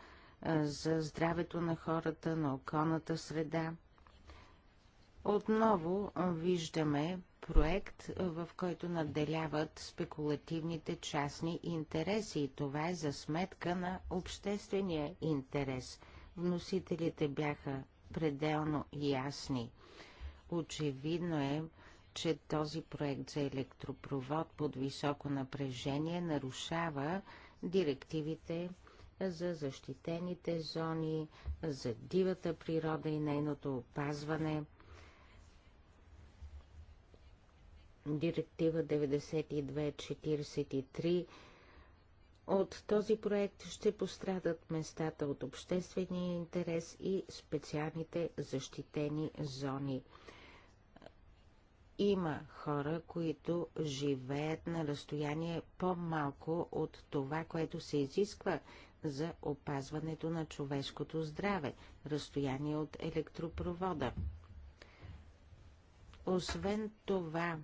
за здравето на хората, на околната среда. Отново виждаме проект, в който надделяват спекулативните частни интереси и това е за сметка на обществения интерес. Вносителите бяха пределно ясни. Очевидно е, че този проект за електропровод под високо напрежение нарушава директивите за защитените зони, за дивата природа и нейното опазване – Директива 9243. От този проект ще пострадат местата от обществения интерес и специалните защитени зони. Има хора, които живеят на разстояние по-малко от това, което се изисква за опазването на човешкото здраве, разстояние от електропровода. Освен това,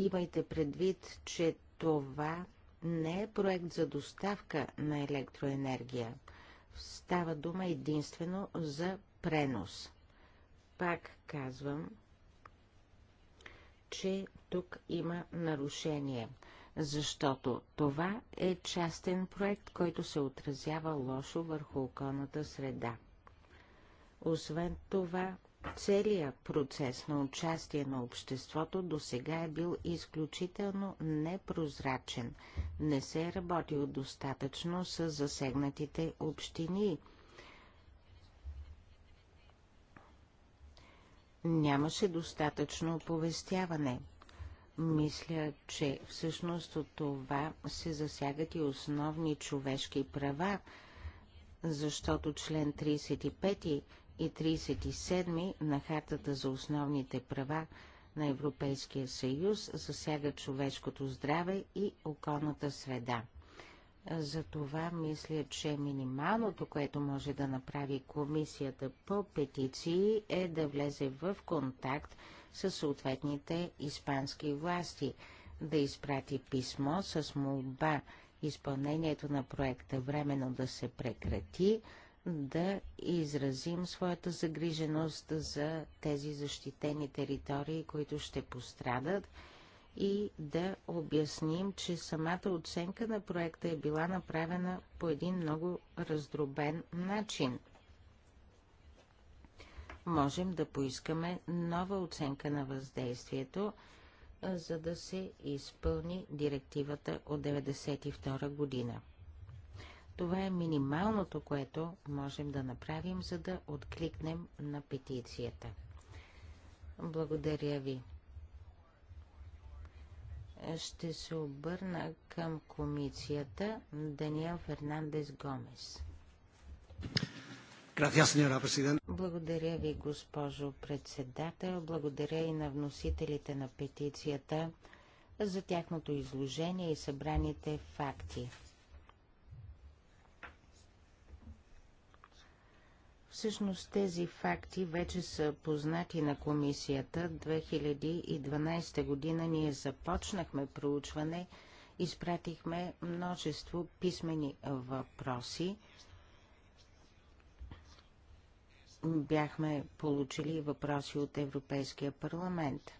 Имайте предвид, че това не е проект за доставка на електроенергия. Става дума единствено за пренос. Пак казвам, че тук има нарушение, защото това е частен проект, който се отразява лошо върху околната среда. Освен това, Целият процес на участие на обществото до сега е бил изключително непрозрачен. Не се е работил достатъчно с засегнатите общини. Нямаше достатъчно оповестяване. Мисля, че всъщност от това се засягат и основни човешки права, защото член 35 и 37 на Хартата за основните права на Европейския съюз засяга човешкото здраве и околната среда. Затова мисля, че минималното, което може да направи комисията по петиции е да влезе в контакт с съответните испански власти, да изпрати писмо с молба изпълнението на проекта временно да се прекрати, да изразим своята загриженост за тези защитени територии, които ще пострадат и да обясним, че самата оценка на проекта е била направена по един много раздробен начин. Можем да поискаме нова оценка на въздействието, за да се изпълни директивата от 1992 година. Това е минималното, което можем да направим, за да откликнем на петицията. Благодаря ви. Ще се обърна към комисията Даниел Фернандес Гомес. Благодаря ви, госпожо председател. Благодаря и на вносителите на петицията за тяхното изложение и събраните факти. Всъщност тези факти вече са познати на комисията. 2012 година ние започнахме проучване, изпратихме множество писмени въпроси. Бяхме получили въпроси от Европейския парламент.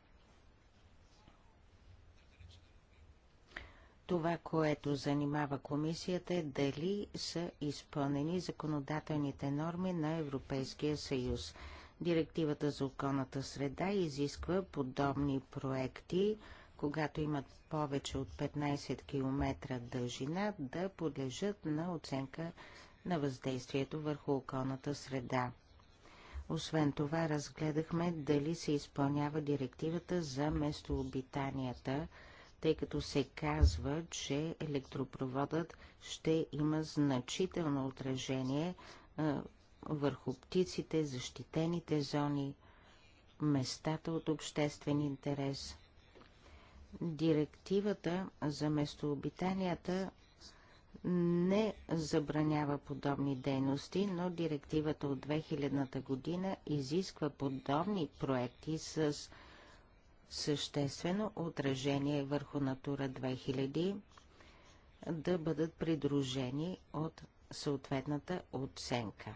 Това, което занимава комисията е дали са изпълнени законодателните норми на Европейския съюз. Директивата за околната среда изисква подобни проекти, когато имат повече от 15 км дължина, да подлежат на оценка на въздействието върху околната среда. Освен това, разгледахме дали се изпълнява директивата за местообитанията – тъй като се казва, че електропроводът ще има значително отражение върху птиците, защитените зони, местата от обществен интерес. Директивата за местообитанията не забранява подобни дейности, но директивата от 2000 година изисква подобни проекти с съществено отражение върху Натура 2000, да бъдат придружени от съответната оценка.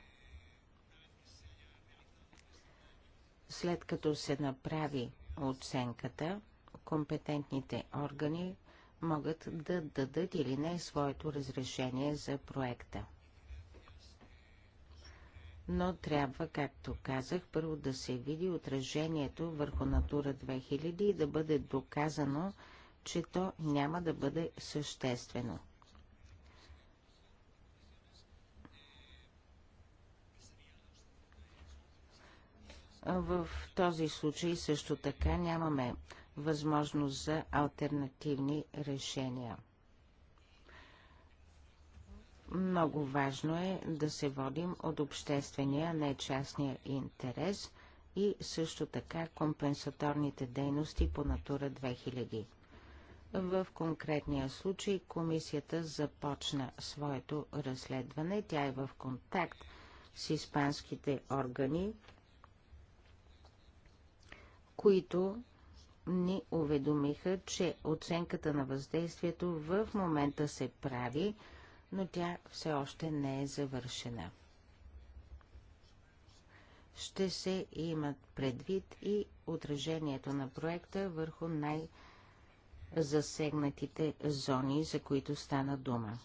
След като се направи оценката, компетентните органи могат да дадат или не своето разрешение за проекта но трябва, както казах, първо да се види отражението върху Натура 2000 и да бъде доказано, че то няма да бъде съществено. В този случай също така нямаме възможност за альтернативни решения. Много важно е да се водим от обществения, не частния интерес и също така компенсаторните дейности по Натура 2000. В конкретния случай комисията започна своето разследване. Тя е в контакт с испанските органи, които ни уведомиха, че оценката на въздействието в момента се прави – но тя все още не е завършена. Ще се имат предвид и отражението на проекта върху най-засегнатите зони, за които стана дума.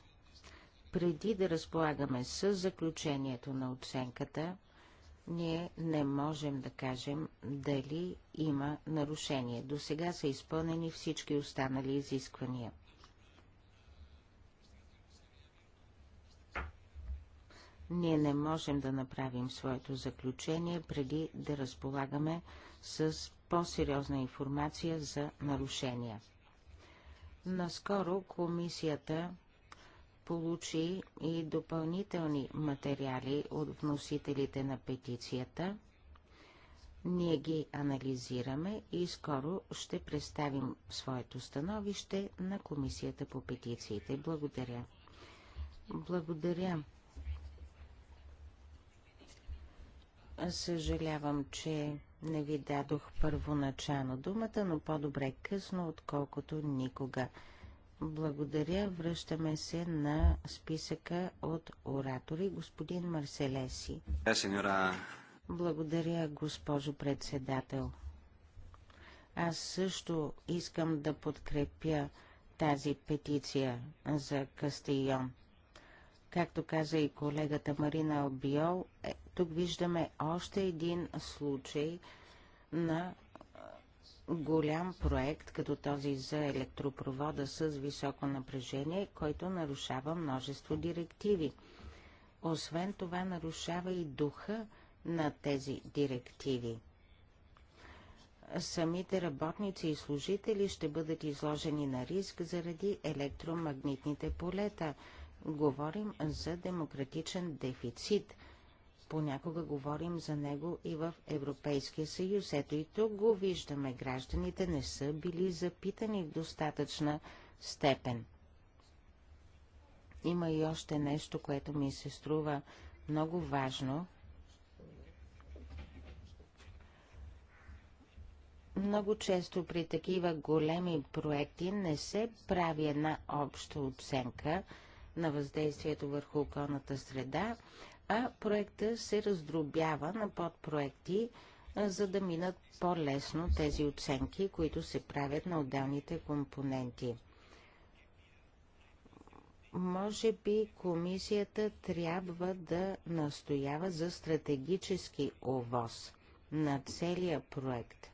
Преди да разполагаме с заключението на оценката, ние не можем да кажем дали има нарушение. До сега са изпълнени всички останали изисквания – Ние не можем да направим своето заключение преди да разполагаме с по-сериозна информация за нарушения. Наскоро комисията получи и допълнителни материали от вносителите на петицията. Ние ги анализираме и скоро ще представим своето становище на Комисията по петициите. Благодаря. Благодаря Съжалявам, че не ви дадох първоначално думата, но по-добре късно, отколкото никога. Благодаря. Връщаме се на списъка от оратори. Господин Марселеси. Благодаря, госпожо председател. Аз също искам да подкрепя тази петиция за Кастийон. Както каза и колегата Марина Албиол, е, тук виждаме още един случай на голям проект, като този за електропровода с високо напрежение, който нарушава множество директиви. Освен това нарушава и духа на тези директиви. Самите работници и служители ще бъдат изложени на риск заради електромагнитните полета – говорим за демократичен дефицит. Понякога говорим за него и в Европейския съюз. Ето и тук го виждаме. Гражданите не са били запитани в достатъчна степен. Има и още нещо, което ми се струва много важно. Много често при такива големи проекти не се прави една обща оценка – на въздействието върху околната среда, а проекта се раздробява на подпроекти, за да минат по-лесно тези оценки, които се правят на отделните компоненти. Може би комисията трябва да настоява за стратегически овоз на целия проект,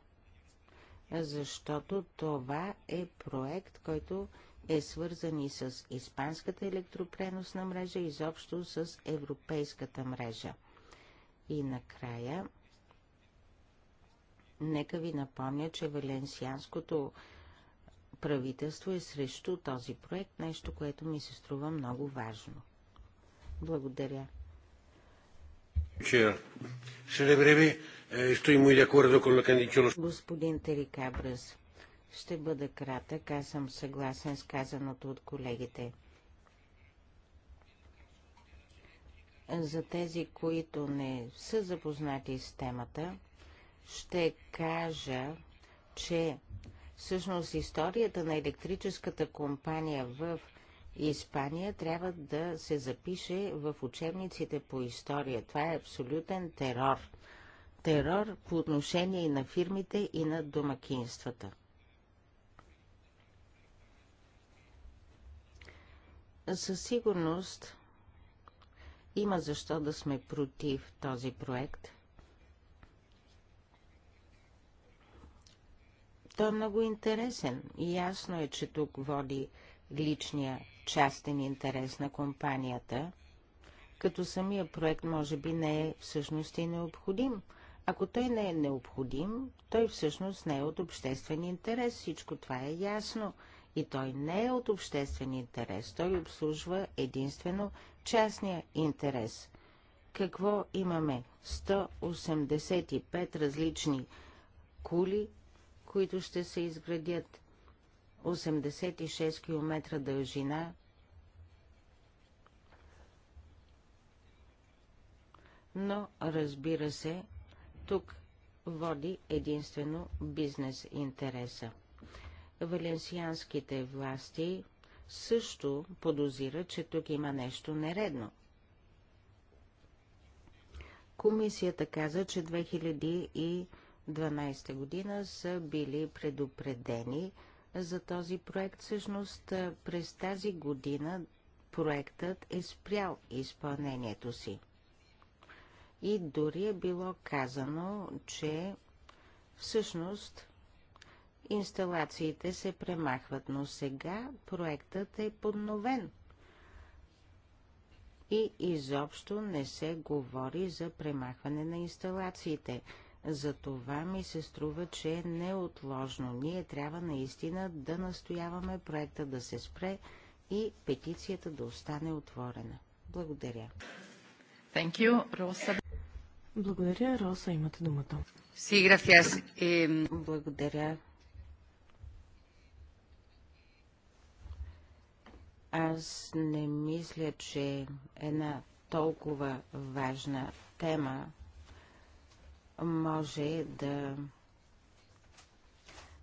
защото това е проект, който е свързан и с испанската електропреносна мрежа, изобщо с европейската мрежа. И накрая, нека ви напомня, че Валенсианското правителство е срещу този проект, нещо, което ми се струва много важно. Благодаря. Господин Терикабрас, ще бъда кратък, аз съм съгласен с казаното от колегите. За тези, които не са запознати с темата, ще кажа, че всъщност историята на електрическата компания в Испания трябва да се запише в учебниците по история. Това е абсолютен терор. Терор по отношение и на фирмите, и на домакинствата. Със сигурност има защо да сме против този проект. Той е много интересен. Ясно е, че тук води личния частен интерес на компанията, като самия проект може би не е всъщност и необходим. Ако той не е необходим, той всъщност не е от обществен интерес, всичко това е ясно и той не е от обществен интерес. Той обслужва единствено частния интерес. Какво имаме? 185 различни кули, които ще се изградят. 86 км дължина. Но, разбира се, тук води единствено бизнес интереса. Валенсианските власти също подозират, че тук има нещо нередно. Комисията каза, че 2012 година са били предупредени за този проект. Всъщност през тази година проектът е спрял изпълнението си. И дори е било казано, че всъщност инсталациите се премахват, но сега проектът е подновен. И изобщо не се говори за премахване на инсталациите. За това ми се струва, че е неотложно. Ние трябва наистина да настояваме проекта да се спре и петицията да остане отворена. Благодаря. Thank you, Rosa. Благодаря, Роса. Имате думата. Sí, gracias. Благодаря, Аз не мисля, че една толкова важна тема може да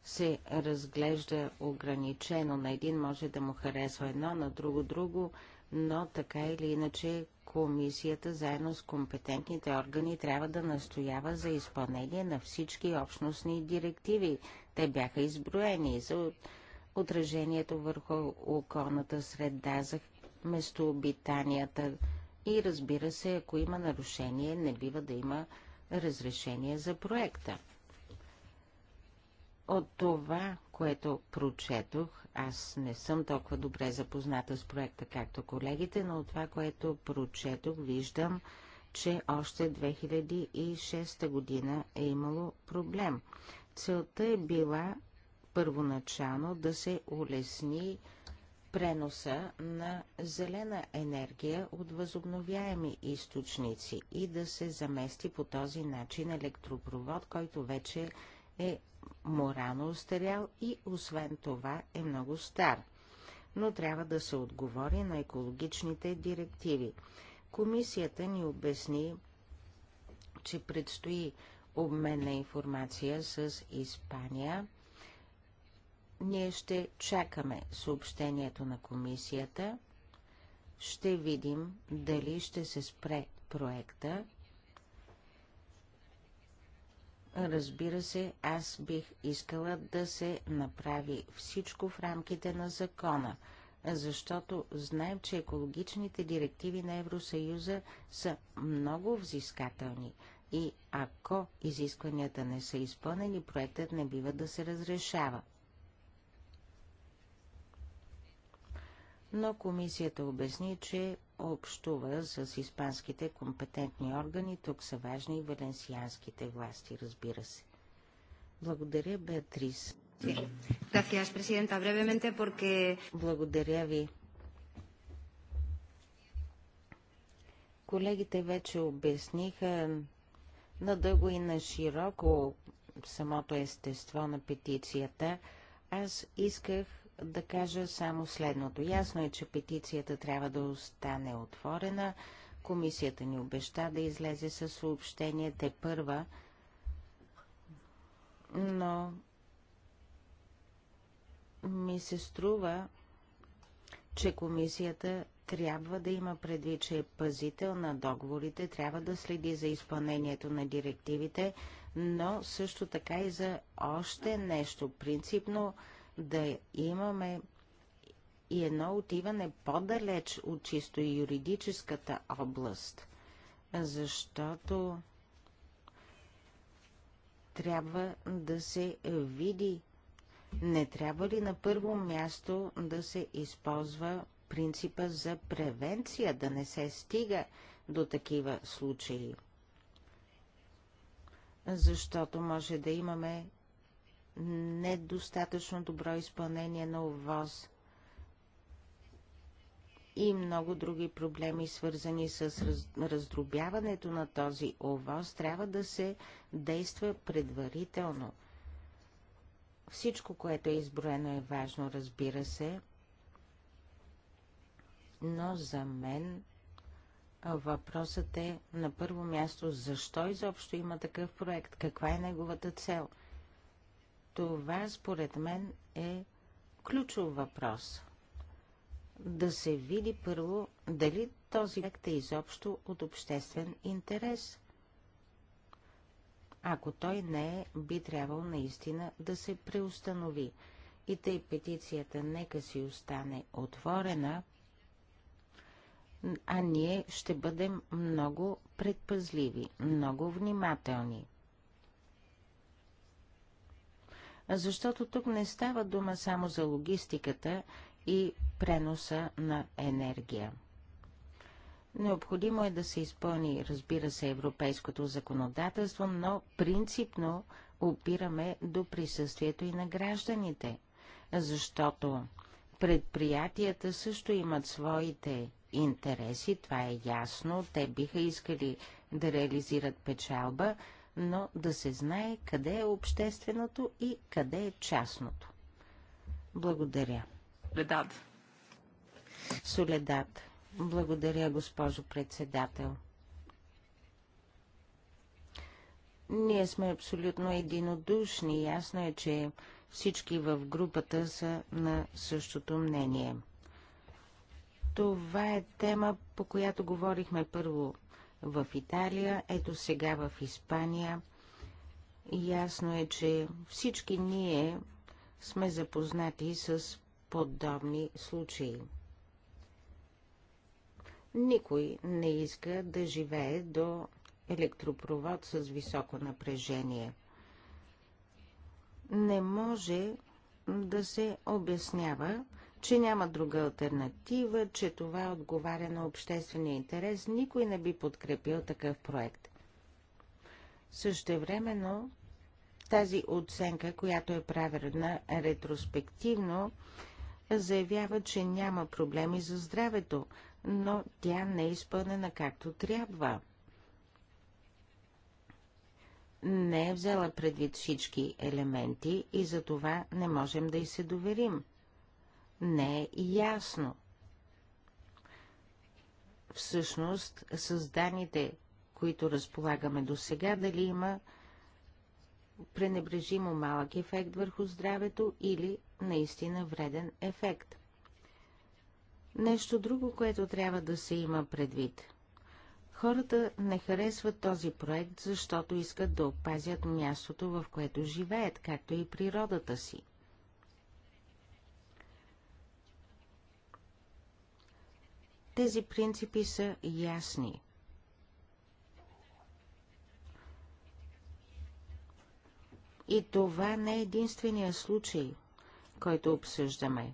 се разглежда ограничено. На един може да му харесва едно, на друго друго, но така или иначе комисията заедно с компетентните органи трябва да настоява за изпълнение на всички общностни директиви. Те бяха изброени за отражението върху околната среда, за местообитанията и разбира се, ако има нарушение, не бива да има разрешение за проекта. От това, което прочетох, аз не съм толкова добре запозната с проекта, както колегите, но от това, което прочетох, виждам, че още 2006 година е имало проблем. Целта е била първоначално да се улесни преноса на зелена енергия от възобновяеми източници и да се замести по този начин електропровод, който вече е морално устарял и освен това е много стар. Но трябва да се отговори на екологичните директиви. Комисията ни обясни, че предстои обмен на информация с Испания – ние ще чакаме съобщението на комисията. Ще видим дали ще се спре проекта. Разбира се, аз бих искала да се направи всичко в рамките на закона, защото знаем, че екологичните директиви на Евросъюза са много взискателни и ако изискванията не са изпълнени, проектът не бива да се разрешава. но комисията обясни, че общува с испанските компетентни органи, тук са важни и валенсианските власти, разбира се. Благодаря, Беатрис. Gracias, Presidenta. Brevemente, porque... Благодаря ви. Колегите вече обясниха надълго и на широко самото естество на петицията. Аз исках да кажа само следното. Ясно е, че петицията трябва да остане отворена. Комисията ни обеща да излезе с съобщение те първа, но ми се струва, че комисията трябва да има предвид, че е пазител на договорите, трябва да следи за изпълнението на директивите, но също така и за още нещо. Принципно да имаме и едно отиване по-далеч от чисто юридическата област, защото трябва да се види, не трябва ли на първо място да се използва принципа за превенция, да не се стига до такива случаи. Защото може да имаме недостатъчно добро изпълнение на ОВОз и много други проблеми, свързани с раз, раздробяването на този овоз, трябва да се действа предварително. Всичко, което е изброено е важно, разбира се, но за мен въпросът е на първо място, защо изобщо има такъв проект, каква е неговата цел – това според мен е ключов въпрос. Да се види първо дали този проект е изобщо от обществен интерес. Ако той не е, би трябвало наистина да се преустанови. И тъй петицията нека си остане отворена, а ние ще бъдем много предпазливи, много внимателни – защото тук не става дума само за логистиката и преноса на енергия. Необходимо е да се изпълни, разбира се, европейското законодателство, но принципно опираме до присъствието и на гражданите, защото предприятията също имат своите интереси, това е ясно, те биха искали да реализират печалба, но да се знае къде е общественото и къде е частното. Благодаря. Соледат. Соледат. Благодаря, госпожо председател. Ние сме абсолютно единодушни. Ясно е, че всички в групата са на същото мнение. Това е тема, по която говорихме първо в Италия, ето сега в Испания. Ясно е, че всички ние сме запознати с подобни случаи. Никой не иска да живее до електропровод с високо напрежение. Не може да се обяснява, че няма друга альтернатива, че това отговаря на обществения интерес, никой не би подкрепил такъв проект. Същевременно тази оценка, която е правена ретроспективно, заявява, че няма проблеми за здравето, но тя не е изпълнена както трябва. Не е взела предвид всички елементи и за това не можем да й се доверим не е ясно. Всъщност, с данните, които разполагаме до сега, дали има пренебрежимо малък ефект върху здравето или наистина вреден ефект. Нещо друго, което трябва да се има предвид. Хората не харесват този проект, защото искат да опазят мястото, в което живеят, както и природата си. Тези принципи са ясни. И това не е единствения случай, който обсъждаме.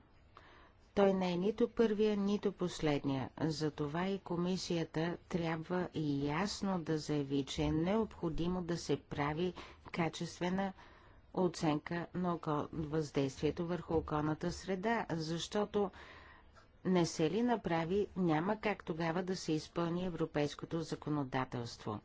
Той не е нито първия, нито последния. Затова и комисията трябва ясно да заяви, че е необходимо да се прави качествена оценка на въздействието върху околната среда, защото не се ли направи, няма как тогава да се изпълни европейското законодателство.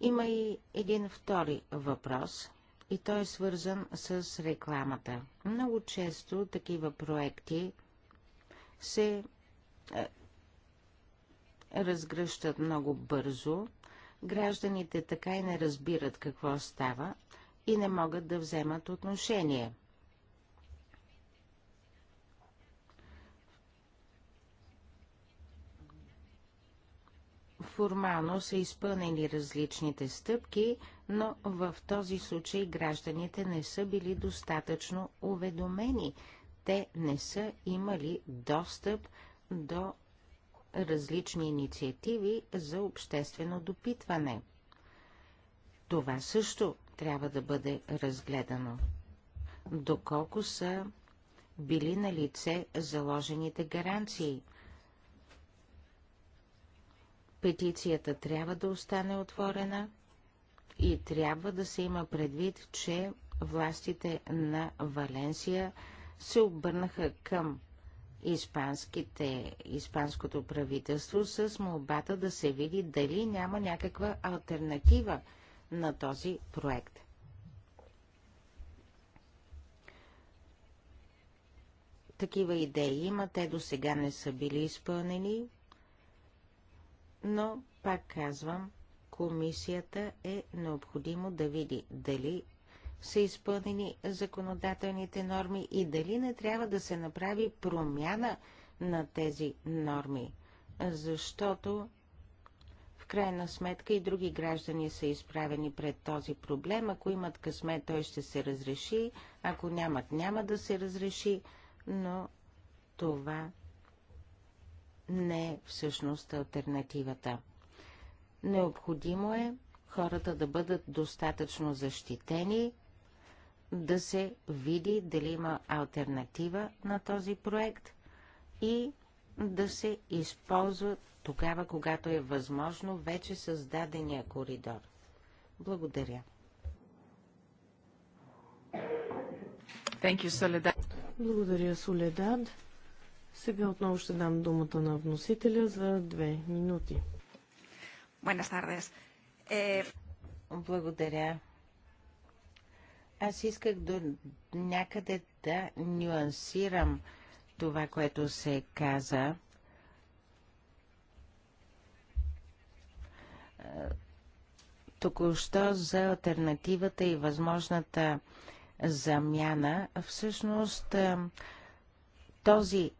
Има и един втори въпрос, и той е свързан с рекламата. Много често такива проекти се е, разгръщат много бързо, гражданите така и не разбират какво става и не могат да вземат отношение – формално са изпълнени различните стъпки, но в този случай гражданите не са били достатъчно уведомени. Те не са имали достъп до различни инициативи за обществено допитване. Това също трябва да бъде разгледано. Доколко са били на лице заложените гаранции – Петицията трябва да остане отворена и трябва да се има предвид, че властите на Валенсия се обърнаха към испанските, испанското правителство с молбата да се види дали няма някаква альтернатива на този проект. Такива идеи има, те до сега не са били изпълнени. Но, пак казвам, комисията е необходимо да види дали са изпълнени законодателните норми и дали не трябва да се направи промяна на тези норми, защото в крайна сметка и други граждани са изправени пред този проблем. Ако имат късмет, той ще се разреши, ако нямат, няма да се разреши, но това не е всъщност альтернативата. Необходимо е хората да бъдат достатъчно защитени, да се види дали има альтернатива на този проект и да се използва тогава, когато е възможно вече създадения коридор. Благодаря. Thank you, Soledad. Благодаря, Соледад. Сега отново ще дам думата на вносителя за две минути. Buenas tardes. Е... Благодаря. Аз исках до някъде да нюансирам това, което се каза. Току-що за альтернативата и възможната замяна, всъщност е, този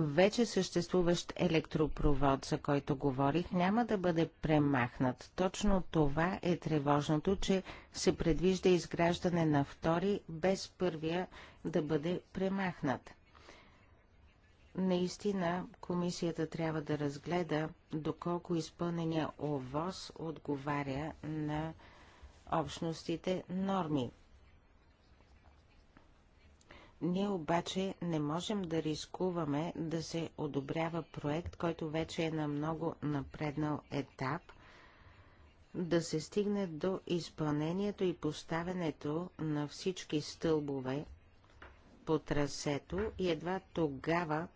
вече съществуващ електропровод, за който говорих, няма да бъде премахнат. Точно това е тревожното, че се предвижда изграждане на втори, без първия да бъде премахнат. Наистина, комисията трябва да разгледа доколко изпълнения ОВОз отговаря на общностите норми. Ние обаче не можем да рискуваме да се одобрява проект, който вече е на много напреднал етап, да се стигне до изпълнението и поставянето на всички стълбове по трасето и едва тогава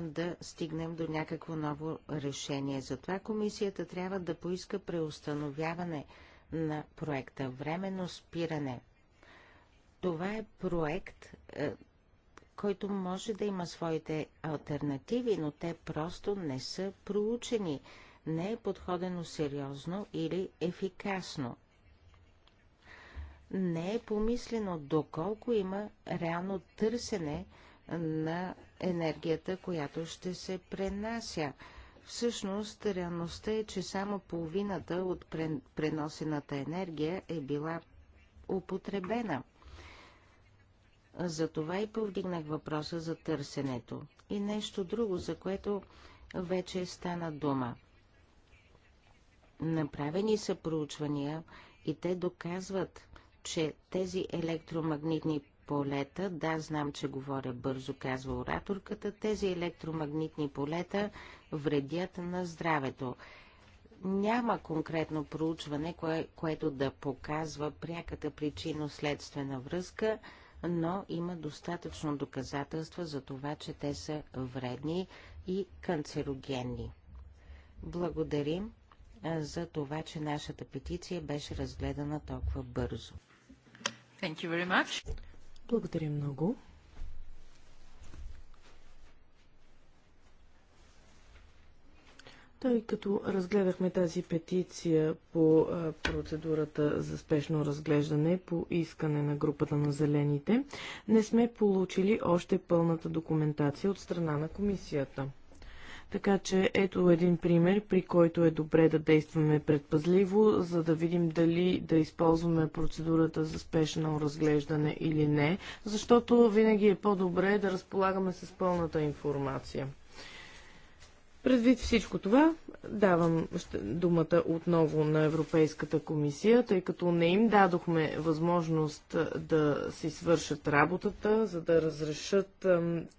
да стигнем до някакво ново решение. Затова комисията трябва да поиска преустановяване на проекта, временно спиране – това е проект, е, който може да има своите альтернативи, но те просто не са проучени, не е подходено сериозно или ефикасно. Не е помислено доколко има реално търсене на енергията, която ще се пренася. Всъщност, реалността е, че само половината от преносената енергия е била употребена. Затова и повдигнах въпроса за търсенето. И нещо друго, за което вече стана дума. Направени са проучвания и те доказват, че тези електромагнитни полета, да, знам, че говоря бързо, казва ораторката, тези електромагнитни полета вредят на здравето. Няма конкретно проучване, кое, което да показва пряката причинно-следствена връзка – но има достатъчно доказателства за това, че те са вредни и канцерогенни. Благодарим за това, че нашата петиция беше разгледана толкова бързо. Thank you very much. Благодаря много. Тъй като разгледахме тази петиция по процедурата за спешно разглеждане по искане на групата на зелените, не сме получили още пълната документация от страна на комисията. Така че ето един пример, при който е добре да действаме предпазливо, за да видим дали да използваме процедурата за спешно разглеждане или не, защото винаги е по-добре да разполагаме с пълната информация. Предвид всичко това, давам думата отново на Европейската комисия, тъй като не им дадохме възможност да си свършат работата, за да разрешат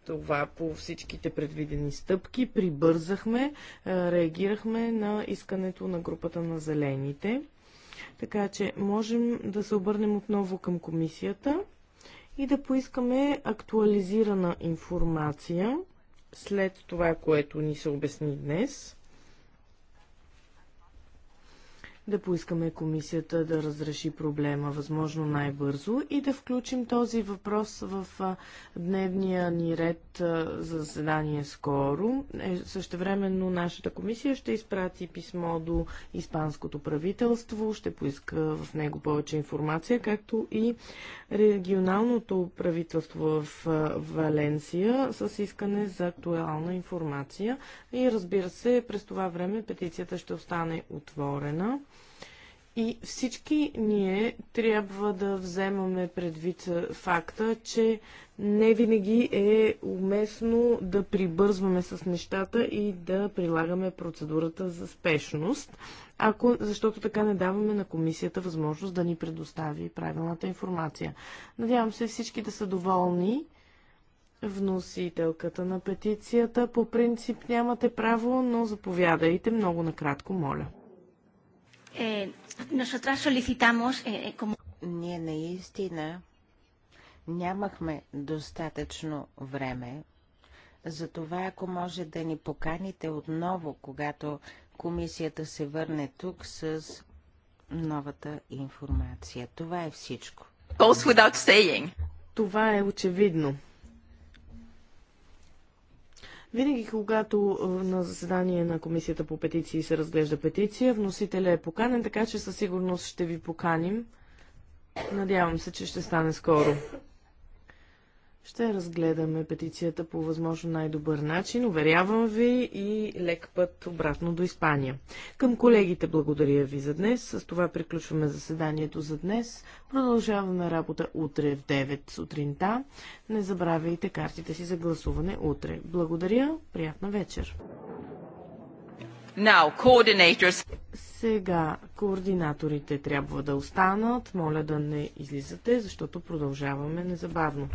това по всичките предвидени стъпки. Прибързахме, реагирахме на искането на групата на зелените. Така че можем да се обърнем отново към комисията и да поискаме актуализирана информация след това, което ни се обясни днес. да поискаме комисията да разреши проблема възможно най-бързо и да включим този въпрос в дневния ни ред за заседание скоро. Е, същевременно нашата комисия ще изпрати писмо до Испанското правителство, ще поиска в него повече информация, както и регионалното правителство в Валенсия с искане за актуална информация. И разбира се, през това време петицията ще остане отворена. И всички ние трябва да вземаме предвид факта, че не винаги е уместно да прибързваме с нещата и да прилагаме процедурата за спешност, ако, защото така не даваме на комисията възможност да ни предостави правилната информация. Надявам се всички да са доволни. Вносителката на петицията по принцип нямате право, но заповядайте много накратко, моля. Eh, nosotras solicitamos eh, eh, como... Ние наистина нямахме достатъчно време, за това, ако може да ни поканите отново, когато комисията се върне тук с новата информация. Това е всичко. Това е очевидно. Винаги, когато е, на заседание на Комисията по петиции се разглежда петиция, вносителя е поканен, така че със сигурност ще ви поканим. Надявам се, че ще стане скоро. Ще разгледаме петицията по възможно най-добър начин, уверявам ви, и лек път обратно до Испания. Към колегите благодаря ви за днес. С това приключваме заседанието за днес. Продължаваме работа утре в 9 сутринта. Не забравяйте картите си за гласуване утре. Благодаря, приятна вечер. Now, coordinators. Сега координаторите трябва да останат. Моля да не излизате, защото продължаваме незабавно.